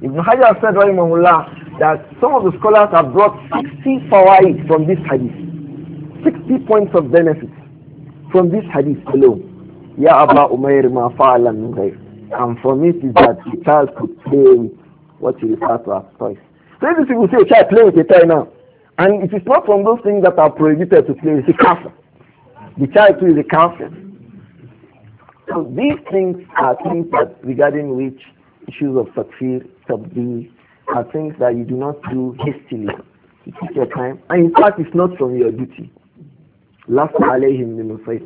Ibn Hajar said, Rahimahullah, that some of the scholars have brought 60 fawaid from this hadith, 60 points of benefit from this hadith alone. Ya Aba Umayr ma fa'ala And from it is that the child could play what he refer to as toys. So if people a child, playing with a toy now. And it is not from those things that are prohibited to play. It's a kafir. The child too is a kafir. So these things are things that regarding which issues of takfir, tabdi, are things that you do not do hastily. You take your time. And in fact, it's not from your duty. Last alayhim face.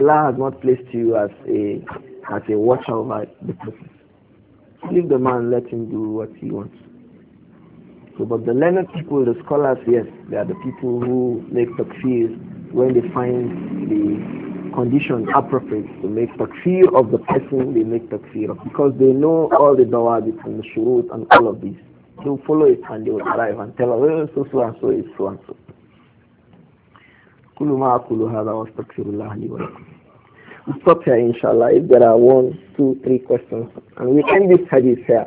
Allah has not placed you as a as a watcher over the person. Leave the man, let him do what he wants. So, but the learned people, the scholars, yes, they are the people who make takfir when they find the condition appropriate to make takfir of the person they make takfir of because they know all the dawabit and the shurut and all of these. They will follow it and they will arrive and tell us, oh, so so and so is so and so. We stop here inshallah if there are one, two, three questions and we end this hadith here.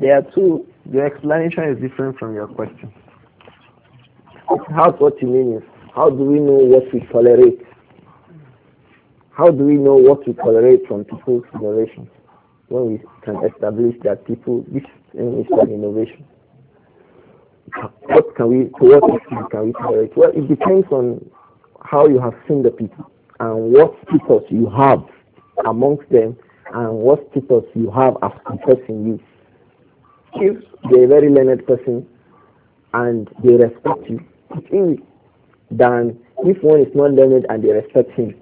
There are two. Your explanation is different from your question. How what you mean is, how do we know what we tolerate? How do we know what we tolerate from people's innovation? When we can establish that people, this thing is an innovation. What can we, to what extent can we tolerate? Well, it depends on how you have seen the people and what status you have amongst them and what status you have as confessing you. If they're a very learned person and they respect you, it's easy than if one is not learned and they respect him.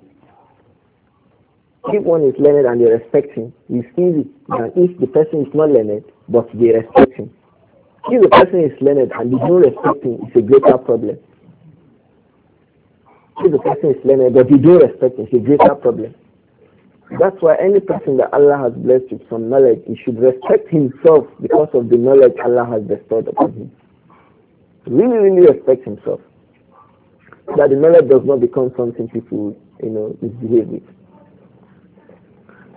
If one is learned and they respect him, it's easy than if the person is not learned but they respect him. If the person is learned and they don't respect him, it's a greater problem. If the person is learned but they don't respect him, it's a greater problem. That's why any person that Allah has blessed with some knowledge, he should respect himself because of the knowledge Allah has bestowed upon him. Really, really respect himself. that the knowledge does not become something people, you know, misbehave with.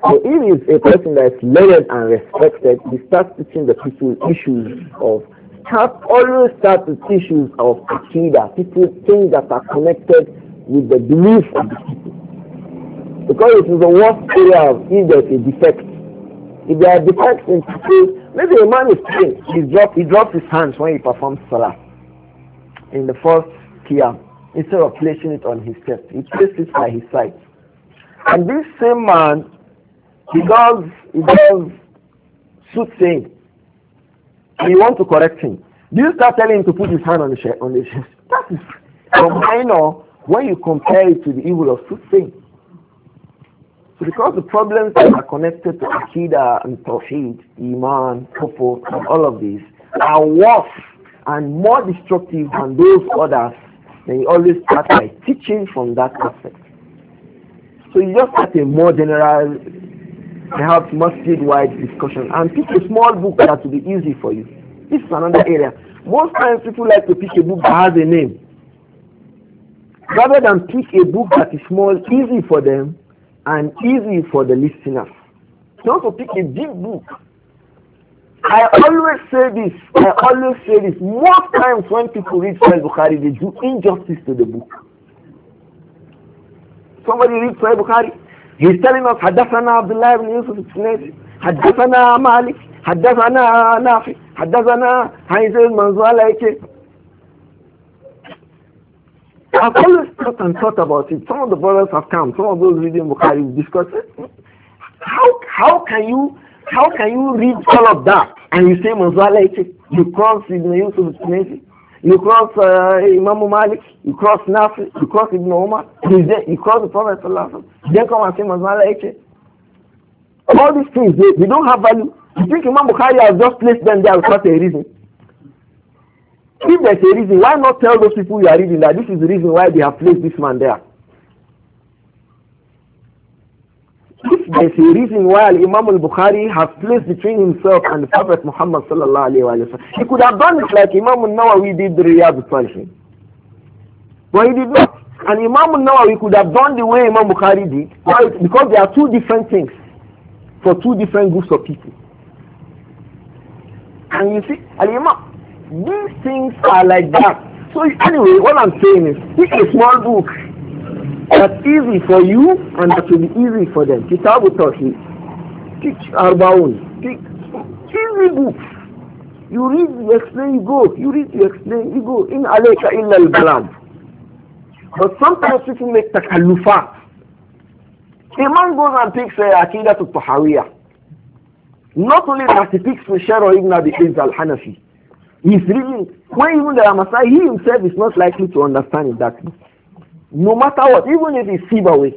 So if it's a person that is learned and respected, he starts teaching the people issues of start always start with issues of akida, people things that are connected with the belief of the people. Because it is the worst area of if there's a defect. If there are defects in food, maybe a man is praying, he drops he drops his hands when he performs salah in the first qiyam. Instead of placing it on his chest, he places it by his side. And this same man, he does he does soothsaying. And want to correct him. Do you start telling him to put his hand on the chest on the *laughs* chest? That is from minor when you compare it to the evil of soothsaying. So because the problems that are connected to Aqidah and Tawheed, Iman, Kufr, and all of these are worse and more destructive than those others, then you always start by teaching from that aspect. So you just start a more general, perhaps masjid-wide discussion and pick a small book that will be easy for you. This is another area. Most times people like to pick a book that has a name. Rather than pick a book that is small, easy for them, and easy for the listeners. Not to pick a big book. I always say this, I always say this. Most times when people read Sahih Bukhari, they do injustice to the book. Somebody read Sahih Bukhari, he's telling us, Hadassana Abdullah ibn Yusuf Sinati, Hadassana Malik, Hadassana Nafi, Hadassana, and he I've always thought and thought about it. Some of the brothers have come, some of those reading Bukhari discussed it. How, how can you how can you read all of that and you say Mazala You cross Ibn Yusuf Tunisi, you cross uh, Imam Malik, you cross Nafi, you cross Ibn Umar, you cross the Prophet Sallallahu Then come and say Mazala All these things, they, they don't have value. You think Imam Bukhari has just placed them there without a reason? If there's a reason, why not tell those people you are reading that this is the reason why they have placed this man there? If there's a reason why Imam al-Bukhari has placed between himself and the Prophet Muhammad sallallahu alayhi he could have done it like Imam al-Nawawi did the Riyadh salihin But he did not. And Imam al-Nawawi could have done the way Imam Bukhari did because there are two different things for two different groups of people. And you see, Al-Imam, these things are like that. So anyway, what I'm saying is, pick a small book that's easy for you and that will be easy for them. Kitab Toshi, teach Arbaun, pick easy books. You read, you explain, you go. You read, you explain, you go. In alayka in al-balam. But sometimes people make takalufa, A man goes and picks a Akidah to Tahawiyah. Not only that, he picks or ibn Abi Izz al-Hanafi. He's reading. when even the Ramasai, he himself is not likely to understand it that No matter what, even if it's sieve away.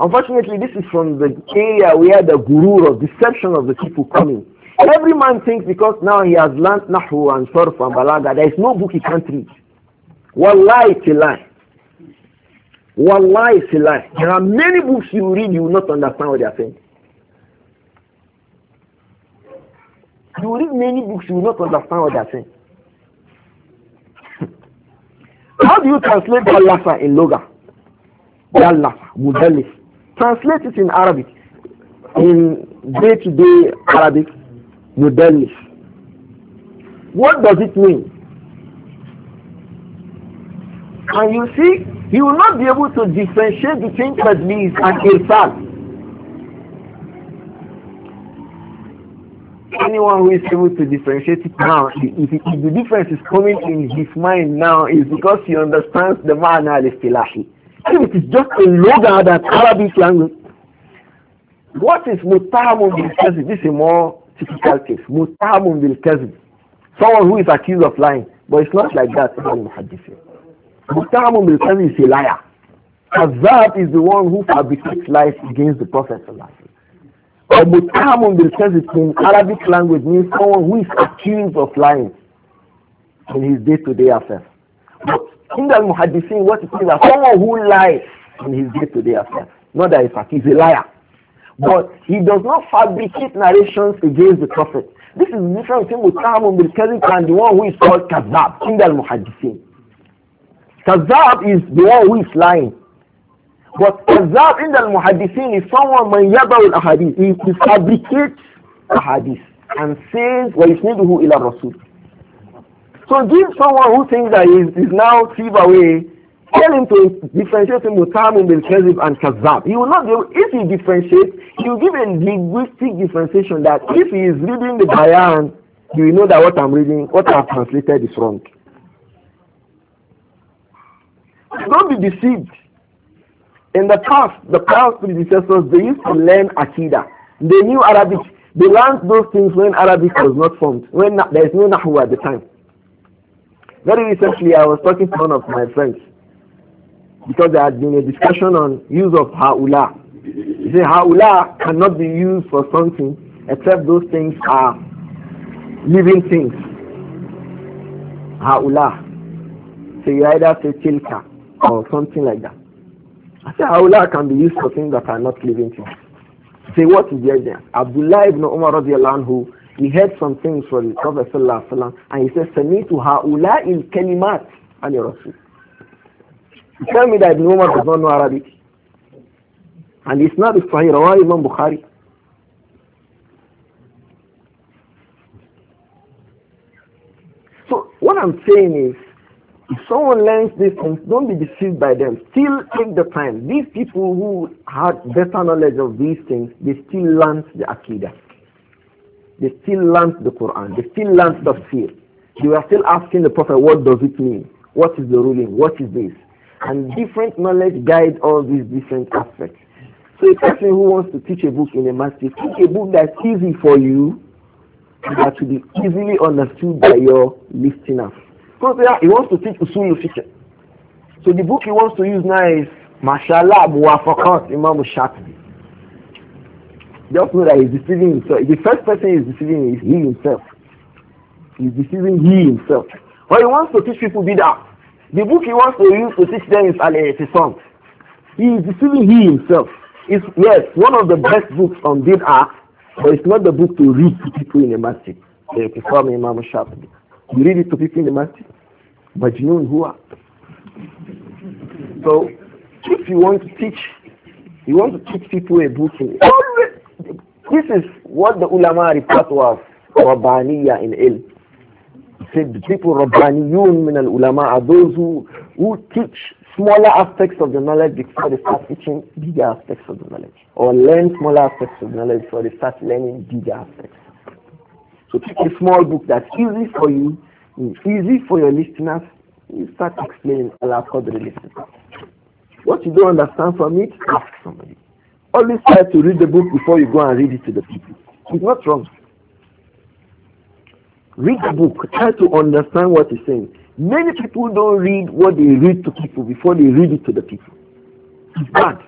Unfortunately, this is from the area where the guru of deception of the people coming. Every man thinks because now he has learnt Nahu and Sarf and Balaga, there is no book he can't read. lie is a lie. lie is a lie. There are many books you read, you will not understand what they are saying. You read many books, you will not understand what they are saying. *laughs* How do you translate Gallafa in Loga? Gallafa, Mudalis. Translate it in Arabic. In day-to-day Arabic, Mudalis. What does it mean? And you see, he will not be able to differentiate between Tadlis and Irsal. anyone who is able to differentiate it now, if, if the difference is coming in his mind now, is because he understands the ma'ana al-istilahi. If it is just a logo that Arabic language, what is mutahamun bil kazib? This is a more typical case. Mutahamun bil kazib. Someone who is accused of lying. But it's not like that in al-muhaddithin. Mutahamun bil kazib is a liar. Kazab is the one who fabricates lies against the Prophet sallallahu or mutahamun bil in Arabic language means someone who is accused of lying in his day-to-day affairs. But in the muhaddisin, what it means is someone who lies in his day-to-day affairs. Not that he's, he's a liar. But he does not fabricate narrations against the Prophet. This is the difference between Mutahamun bil and the one who is called Kazab, had the muhaddisin. Kazab is the one who is lying. But Azab in al Muhaddithin is someone man yabawil ahadith. He, he fabricates ahadith and says وَيُسْنِدُهُ إِلَى الرَّسُولِ So give someone who thinks that he is, is now sieve away, tell him to differentiate him with Tamim bil and Kazab. He will not be able, if he differentiates, he will give a linguistic differentiation that if he is reading the Bayan, he will know that what I'm reading, what I've translated is wrong. Don't be deceived. In the past, the past predecessors, they used to learn Akida. They knew Arabic. They learned those things when Arabic was not formed, when there is no Nahu at the time. Very recently, I was talking to one of my friends because there had been a discussion on use of Ha'ula. He said, Ha'ula cannot be used for something except those things are living things. Ha'ula. So you either say Tilka or something like that. I said, Aula can be used for things that are not living things. Say what is the idea? Abdullah ibn Umar radiallahu anhu, he heard some things from the Prophet sallallahu alaihi wasallam, and he said, "Sami to haula il kalimat and your Rasul." You tell me that Ibn Umar does not know Arabic, and it's not the Sahih Rawah Imam Bukhari. So what I'm saying is if someone learns these things, don't be deceived by them. Still take the time. These people who had better knowledge of these things, they still learned the Aqidah. They still learned the Quran. They still learned the Tafsir. They were still asking the Prophet, what does it mean? What is the ruling? What is this? And different knowledge guide all these different aspects. So a person who wants to teach a book in a masjid, teach a book that's easy for you, that will be easily understood by your listeners because yeah, he wants to teach usul fiqh. So the book he wants to use now is Mashallah Muwafaqat Imam Shatibi. Just know that he's deceiving himself. The first person he's deceiving is he himself. He's deceiving he himself. But he wants to teach people bid'ah. The book he wants to use to teach them is Al-Ihtisam. He is deceiving he himself. It's, yes, one of the best books on bid'ah, but it's not the book to read to people in a masjid. Al-Ihtisam Imam Shatibi. You need to people in the know Majnun huwa. So if you want to teach, you want to teach people a book. Eh, this is what the ulama report was as Rabbaniya in ilm. Said the people Rabbaniyun min al ulama are those who, who teach smaller aspects of the knowledge before they start teaching bigger aspects of the knowledge. Or learn smaller aspects of the knowledge before they start learning bigger aspects. So take a small book that's easy for you, easy for your listeners. You start explaining Allah Qadr listeners. What you don't understand from it, ask somebody. Always try to read the book before you go and read it to the people. It's not wrong. Read the book. Try to understand what he's saying. Many people don't read what they read to people before they read it to the people. It's bad.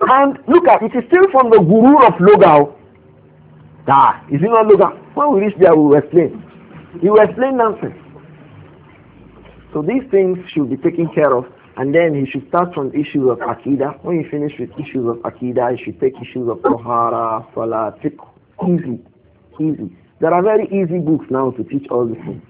And look at it is still from the guru of Logao Ah, is it not Logan? When we reach there, we will explain. He will explain nonsense. So these things should be taken care of. And then he should start from issues of Akida. When you finish with issues of Akida, he should take issues of Tohara, Salah, take Easy. Easy. There are very easy books now to teach all these things.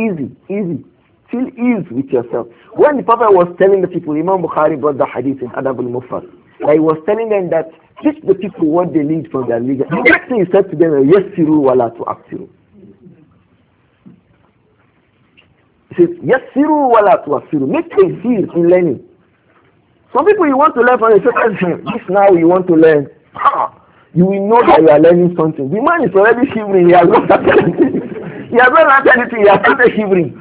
Easy. Easy. Feel ease with yourself. When the Prophet was telling the people, Imam Bukhari brought the hadith in Adab al-Mufrad. That he was telling them that teach the people what they need from their leader. The next thing he said to them, yes, siru wala to aktiru. He says, yes, siru wala to aktiru. Make a zeal in learning. Some people you want to learn from, they say, this now you want to learn. Ah, you will know that you are learning something. The man is already shivering. He has not started anything. *laughs* He has not learned anything. He has started shivering.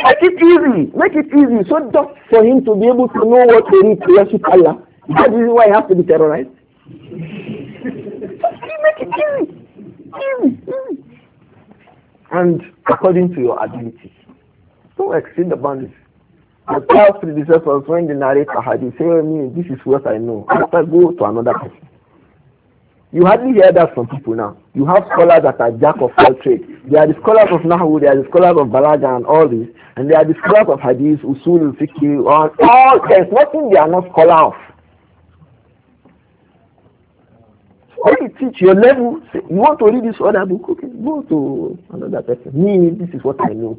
Make it easy. Make it easy. So just for him to be able to know what to read to worship Allah. That is why I have to be terrorized. And according to your ability. Don't exceed the boundaries. The past predecessors, when they narrate a hadith, say, oh, me, this is what I know. After go to another person. You hardly hear that from people now. You have scholars that are jack of all trades. They are the scholars of Nahu, they are the scholars of Balaga and all this. And they are the scholars of Hadith, Usul, Fiqh, all, all things. Nothing they are not scholars of. When you teach your level, say, you want to read this other book, okay, go to another person. Me, this is what I know.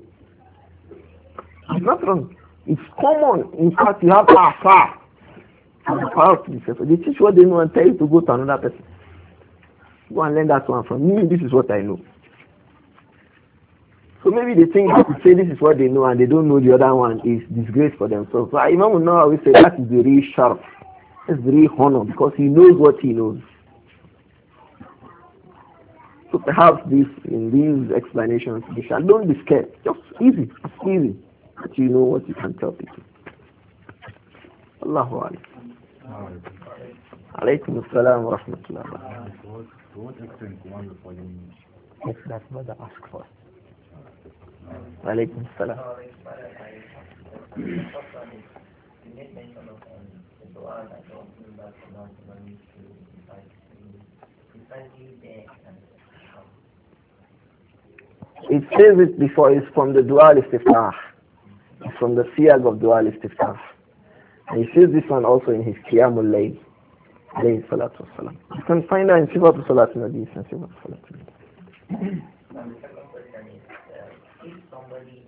It's not wrong. It's common. In fact, you have afar. They teach what they know and tell you to go to another person. Go and learn that one from me. This is what I know. So maybe they think to say this is what they know and they don't know the other one is disgrace for themselves. So ah, Imam know now we say that is the real sharp. That's the real honor because he knows what he knows. So perhaps this in these explanations, you shall don't be scared. Just easy, easy. But you know what you can tell people. Allahu Akbar. Alaykum assalam wa rahmatullah. To what extent one following? for. Alaykum assalam. there *laughs* It says it before, it's from the dual istiftah. It's from the siyag of dual istiftah. And he says this one also in his Qiyamul Layl. Alayhi salatu wasalam. You can find that in Sifatu Salatu Nabi and Sifatu Salatu Nabi. If somebody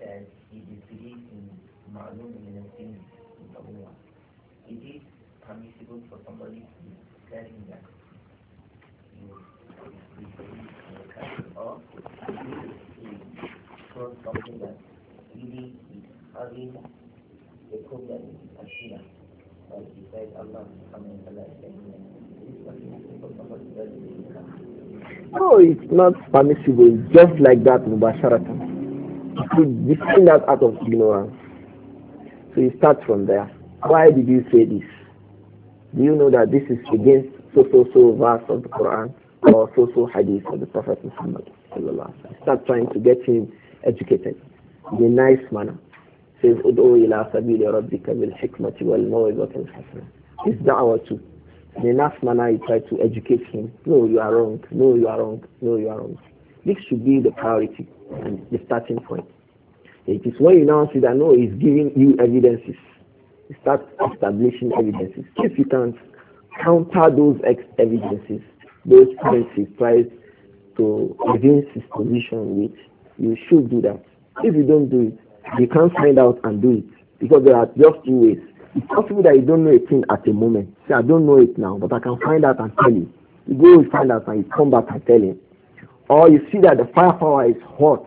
says he in in permissible for somebody to that also something that really is having the problem Ashina. Like he said, Allah no, it's not permissible. It's just like that, Mubasharatan. You define that out of ignorance. So you start from there. Why did you say this? Do you know that this is against so so so verse of the Quran or so so hadith of the Prophet Muhammad? Start trying to get him educated in a nice manner. Says, Udu ila sabili rabbika bil hikmati wal mawizatil hasana. not da'wah too. In a nice manner, you try to educate him. No, you are wrong. No, you are wrong. No, you are wrong. This should be the priority and the starting point. It is when you now see that no, he's giving you evidences. You start establishing evidences. If you can't counter those evidences, those points he tries to evince his position with, you should do that. If you don't do it, you can't find out and do it because there are just two ways. It's possible that you don't know a thing at the moment. See, I don't know it now, but I can find out and tell you. You go and find out and you come back and tell him. Or you see that the firepower is hot.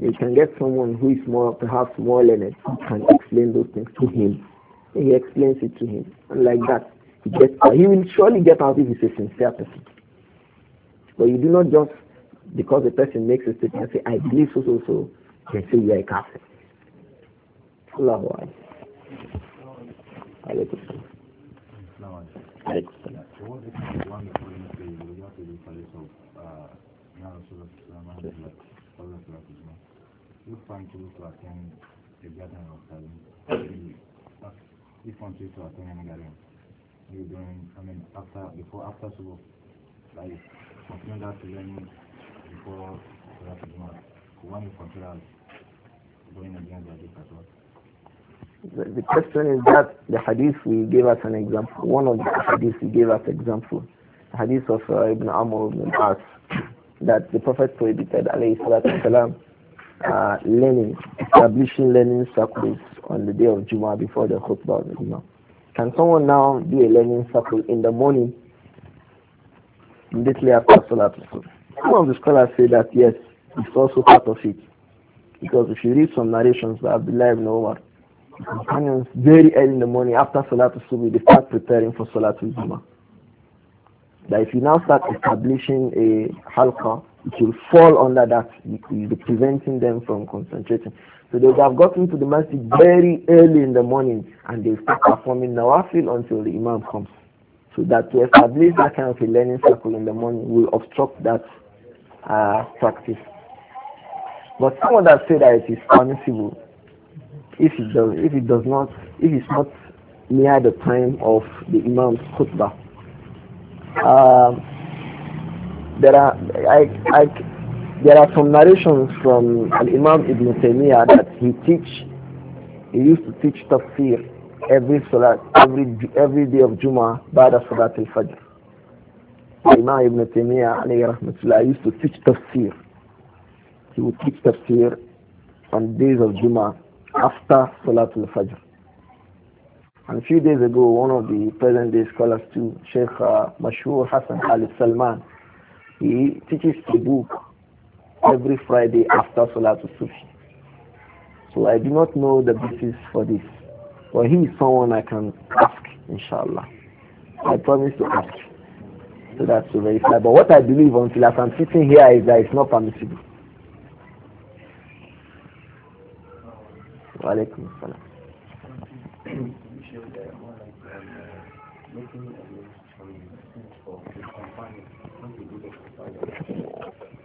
You can get someone who is more, perhaps more learned, who can explain those things to him. And he explains it to him. And like that, he gets He will surely get out if he's a sincere person. But you do not just because the person makes a statement say, I believe so, so, so, they say you are a Kafir. Allahu you find people to attend gathering of If one chooses to attend any gathering, you doing, I mean, after, before, after like, continue that to learn before consider going against the hadith as well? The, the question is that the hadith we gave us an example, one of the hadith we gave us example, the hadith of uh, Ibn Amr ibn al that the Prophet prohibited alayhi salam uh, learning, establishing learning circles on the day of Juma before the khutbah of Juma. Can someone now do a learning circle in the morning immediately after Salat al some of the scholars say that yes, it's also part of it. Because if you read some narrations by Abdullah ibn Umar, the companions very early in the morning after Salatul Subi, they start preparing for Salatul Juma. That if you now start establishing a halqa, it will fall under that. You will be preventing them from concentrating. So they would have gotten to the masjid very early in the morning and they start performing nawafil until the imam comes. So that to establish that kind of a learning circle in the morning will obstruct that uh, practice. But someone that say that it is permissible, if it does, if it does not, if it's not near the time of the imam's khutbah, um, there are I, I, there are some narrations from an Imam Ibn Taymiyyah that he teach. He used to teach tafsir every salat, every every day of Juma Bada Salat al-Fajr. Imam Ibn Taymiyyah alayhi rahmatullah used to teach tafsir. He would teach tafsir on days of Juma after Salatul Fajr. And a few days ago, one of the present day scholars too, Sheikh uh, Mashur Hassan Al Salman, he teaches a book every Friday after Salatul Sufi. So I do not know the basis for this. But he is someone I can ask, inshallah. I promise to ask. So that's to verify. But what I believe until as I'm sitting here is that it's not permissible. Walaikum salam.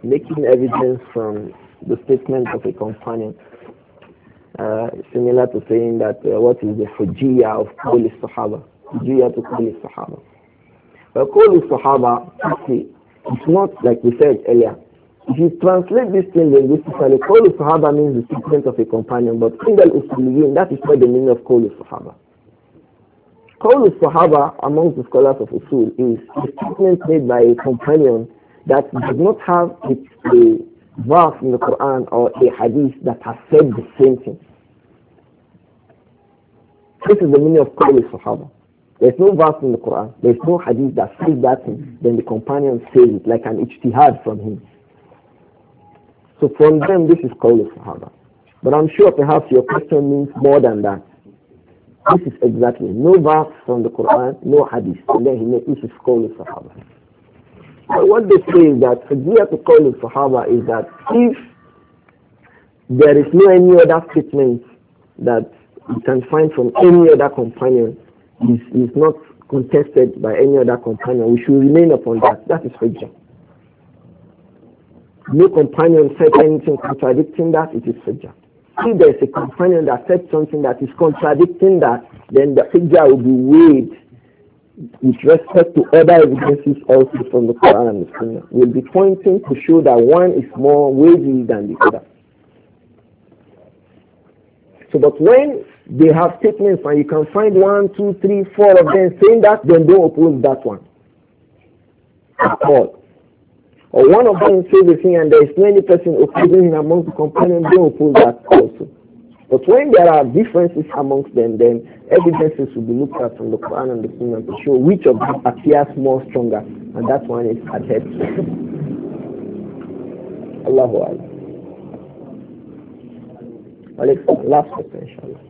Making evidence from the statement of a companion, uh, similar to saying that uh, what is the fujiya of Holy Sahaba, fujiya to Holy Sahaba. وقول الصحابة it's not like we said earlier. If you translate this thing linguistically, قول الصحابة means the statement of a companion, but in the that is not the meaning of قول Call is الصحابة among the scholars of Usul is a statement made by a companion that does not have its, a verse in the Quran or a hadith that has said the same thing. This is the meaning of is الصحابة. There's no verse in the Quran, there's no hadith that says that thing, then the companion says it like an ijtihad from him. So from them, this is called Sahaba. But I'm sure perhaps your question means more than that. This is exactly no verse from the Quran, no hadith. And then he made this is called Sahaba. But what they say is that idea to call Sahaba is that if there is no any other statement that you can find from any other companion is, is not contested by any other companion. We should remain upon that. That is Hujjah. No companion said anything contradicting that, it is Hujjah. If there is a companion that said something that is contradicting that, then the Hujjah will be weighed with respect to other evidences also from the Quran and the Sunnah. We'll be pointing to show that one is more weighty than the other. So, but when they have statements and you can find one, two, three, four of them saying that, then don't oppose that one. At all. Or one of them says the thing and there is many persons person opposing him among the companions, don't oppose that also. But when there are differences amongst them, then evidences will be looked at from the Quran and the Sunnah to show which of them appears more stronger, and that one is adhered to. Allahu Akbar. last question, inshallah.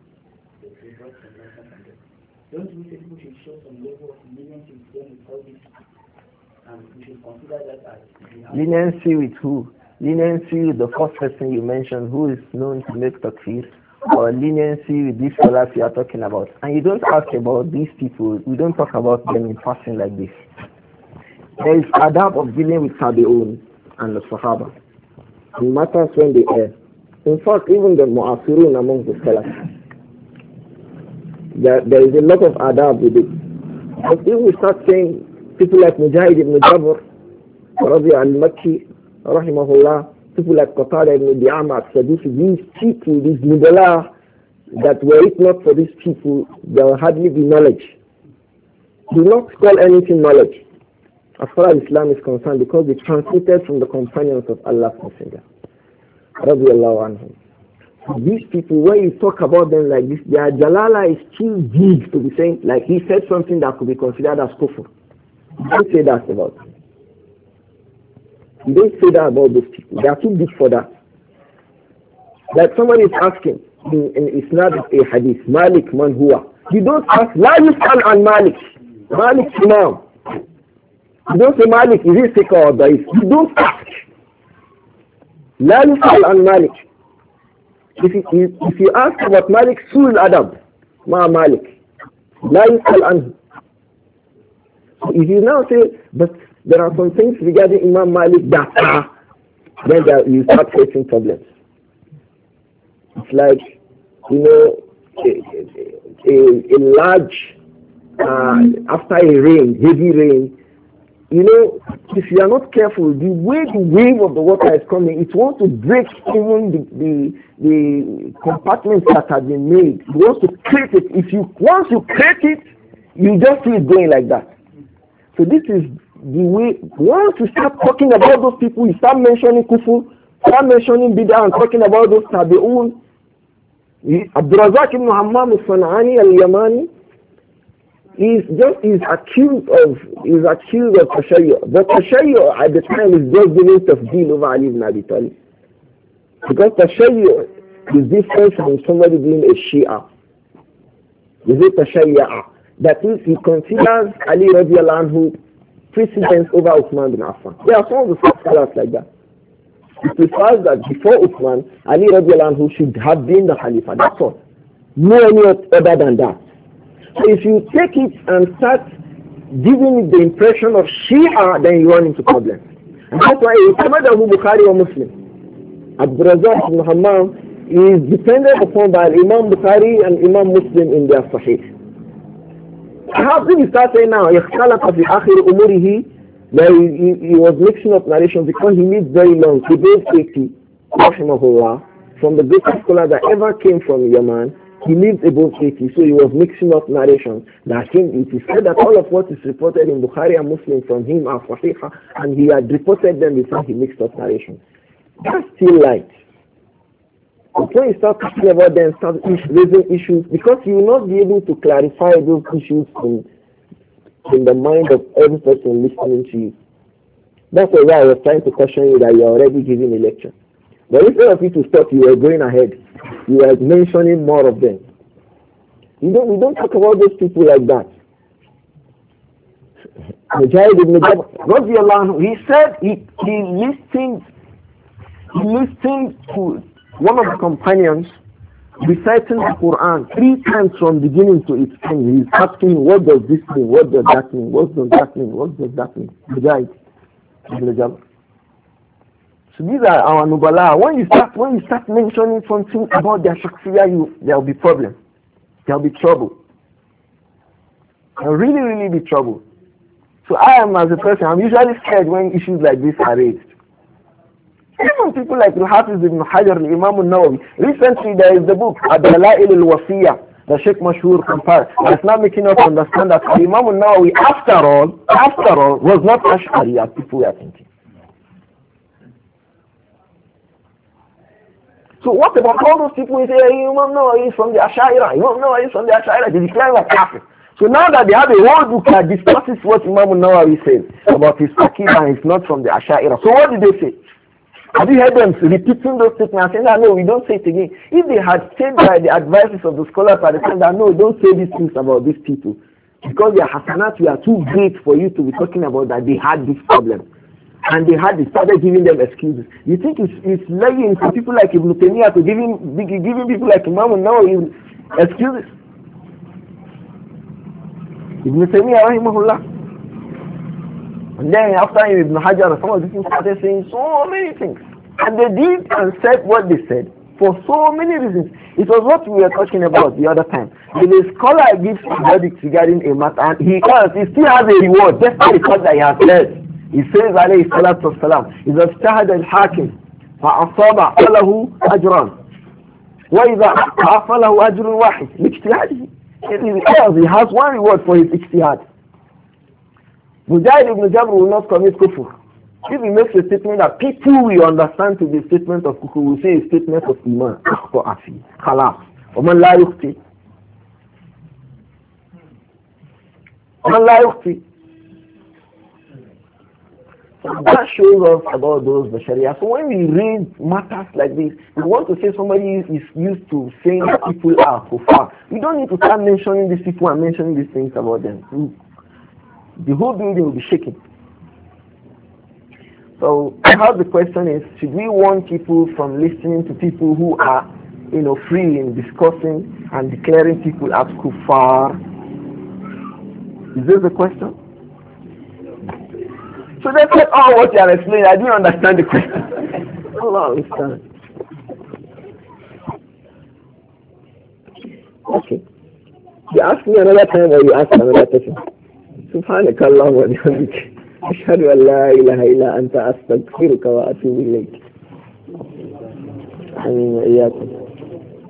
the favor and answer from Don't we think we should show some level of leniency to them without this? And we should consider that as... Leniency with who? Leniency with the first person you mentioned who is known to make takfir or leniency with these scholars you are talking about. And you don't ask about these people. We don't talk about them in passing like this. There is adab of dealing with Tabi'un and the Sahaba. It matters when they err. In fact, even the Mu'afirun among the scholars. There, there is a lot of adab with it. But if we start saying people like Mujahid ibn Jabr, Rabi al-Makki, rahimahullah, people like Qatada ibn Di'ama al-Sadusi, these people, these Mubalah, that were it not for these people, there will hardly be knowledge. Do not call anything knowledge as far as Islam is concerned because it's transmitted from the companions of Allah's Messenger. These people, when you talk about them like this, their jalala is too big to be saying, like he said something that could be considered as kufr. Don't say that about them. Don't say that about those people. They are too big for that. Like somebody is asking in, in Isnad a hadith, Malik man huwa. You don't ask, La yusal an Malik. Malik imam. You don't say Malik, is he sick or daif? You don't ask. La yusal an Malik. If you, if you ask about Malik, Sul Adam, Ma Malik, La Yusal Anhu. If you now say, but there are some things regarding Imam Malik that are, then there, you start facing problems. It's like, you know, a, a, a large, uh, after a rain, heavy rain, you know, if you are not careful, the way the wave of the water is coming, it wants to break even the, the, the compartments that have been made. It wants to create it. If you once you create it, you just see it going like that. So this is the way. Once you start talking about those people, you start mentioning kufu, start mentioning bidah, and talking about those tabi'un. Abdul ibn Muhammad sanani al-Yamani is just is accused of is accused of tashayyu. But tashayyu at the time is just the rate of deal over Ali ibn Abi Talib. Because tashayyu is different from somebody being a Shia. Is it tashayyu? That means he considers Ali radiallahu anhu precedence over Uthman bin Affan. There are some of the scholars like that. He prefers that before Uthman, Ali radiallahu anhu should have been the Khalifa. That's all. No any other than that. So if you take it and start giving the impression of Shia, then you run into problems. And that's why Abu Bukhari or Muslim. Abu Razak Muhammad is depended upon by Imam Bukhari and Imam Muslim in their Sahih. How can you start saying now, يَخْتَلَقَ فِي آخِرِ أُمُورِهِ he, he, was mixing up narration because he lived very long. He gave 80, rahimahullah, from the greatest scholar that ever came from Yemen, he lived above 80, so he was mixing up narration. That him, it is said that all of what is reported in Bukhari and Muslim from him are fasiha, and he had reported them before he mixed up narration. That's still light. When you start talking about them, start raising issues, because you will not be able to clarify those issues in, in the mind of every person listening to you. That's why I was trying to caution you that you're already giving a lecture. But instead of you to stop, you are going ahead. We are mentioning more of them. You don't, we don't talk about those people like that. *laughs* Mujahid ibn Jabal, he said he, he listened, he listened to one of the companions reciting the Quran three times from beginning to its end. He's asking, what does this mean? What does that mean? What does that mean? What does that mean? Mujahid ibn Jabal. So these are our nubala. When you start when you start mentioning something about their shakfiya, you there will be problem. There will be trouble. There will really, really be trouble. So I am as a person, I'm usually scared when issues like this are raised. Even people like Al-Hafiz ibn Hajar, Imam al-Nawawi. Recently there is the book, Ad-Dala'il al-Wasiyah, the Sheikh Mashur compared. That's not making us understand that Imam al-Nawawi, after all, after all, was not Ash'ari as people were thinking. So what about all those people who say, hey, know Nawawi is from the Ashaira, Imam know is from the Ashaira, they declare like Kafir. So now that they have a whole book that discusses what Imam Nawawi says about his Akira and it's not from the Ashaira. So what did they say? Have you heard them repeating those statements saying that no, we don't say it again? If they had stayed by the advices of the scholars at the time that no, don't say these things about these people because their hasanat are too great for you to be talking about that they had this problem and they had they started giving them excuses. You think it's it's lying for people like Ibn Taymiyyah to giving giving people like Imam now excuses. Ibn Taymiyyah rahimahullah. And then after him, Ibn Hajar some of these people started saying so many things. And they did and said what they said for so many reasons. It was what we were talking about the other time. When scholar gives a verdict regarding a matter and he, he still has a reward despite the fact that he has said. He says, alayhi salatu wasalam, إِذَا اجْتَهَدَ الْحَاكِمْ فَأَصَابَ أَلَهُ أَجْرًا وَإِذَا أَعْفَ لَهُ أَجْرٌ وَاحِدٌ لِاجْتِهَادِهِ He has one reward for his ijtihad. Mujahid ibn Jabr will not commit kufr. If he makes a statement that people will understand to be a statement of kufr, will say a statement of iman, akhto afi, khalas, وَمَنْ لَا يُخْتِي وَمَنْ لَا يُخْتِي so That shows us about those the Sharia. So when we read matters like this, we want to say somebody is used to saying that people are kufar. We don't need to start mentioning these people and mentioning these things about them. The whole building will be shaking. So how the question is, should we warn people from listening to people who are, you know, free in discussing and declaring people as kufar? Is this the question? So that's said, oh, what you are explaining, I didn't understand the question. *laughs* Allah understand. Okay. You ask me another time or you ask another person. سبحانك اللهم وبحمدك أشهد أن لا إله إلا أنت أستغفرك وأتوب إليك آمين وإياكم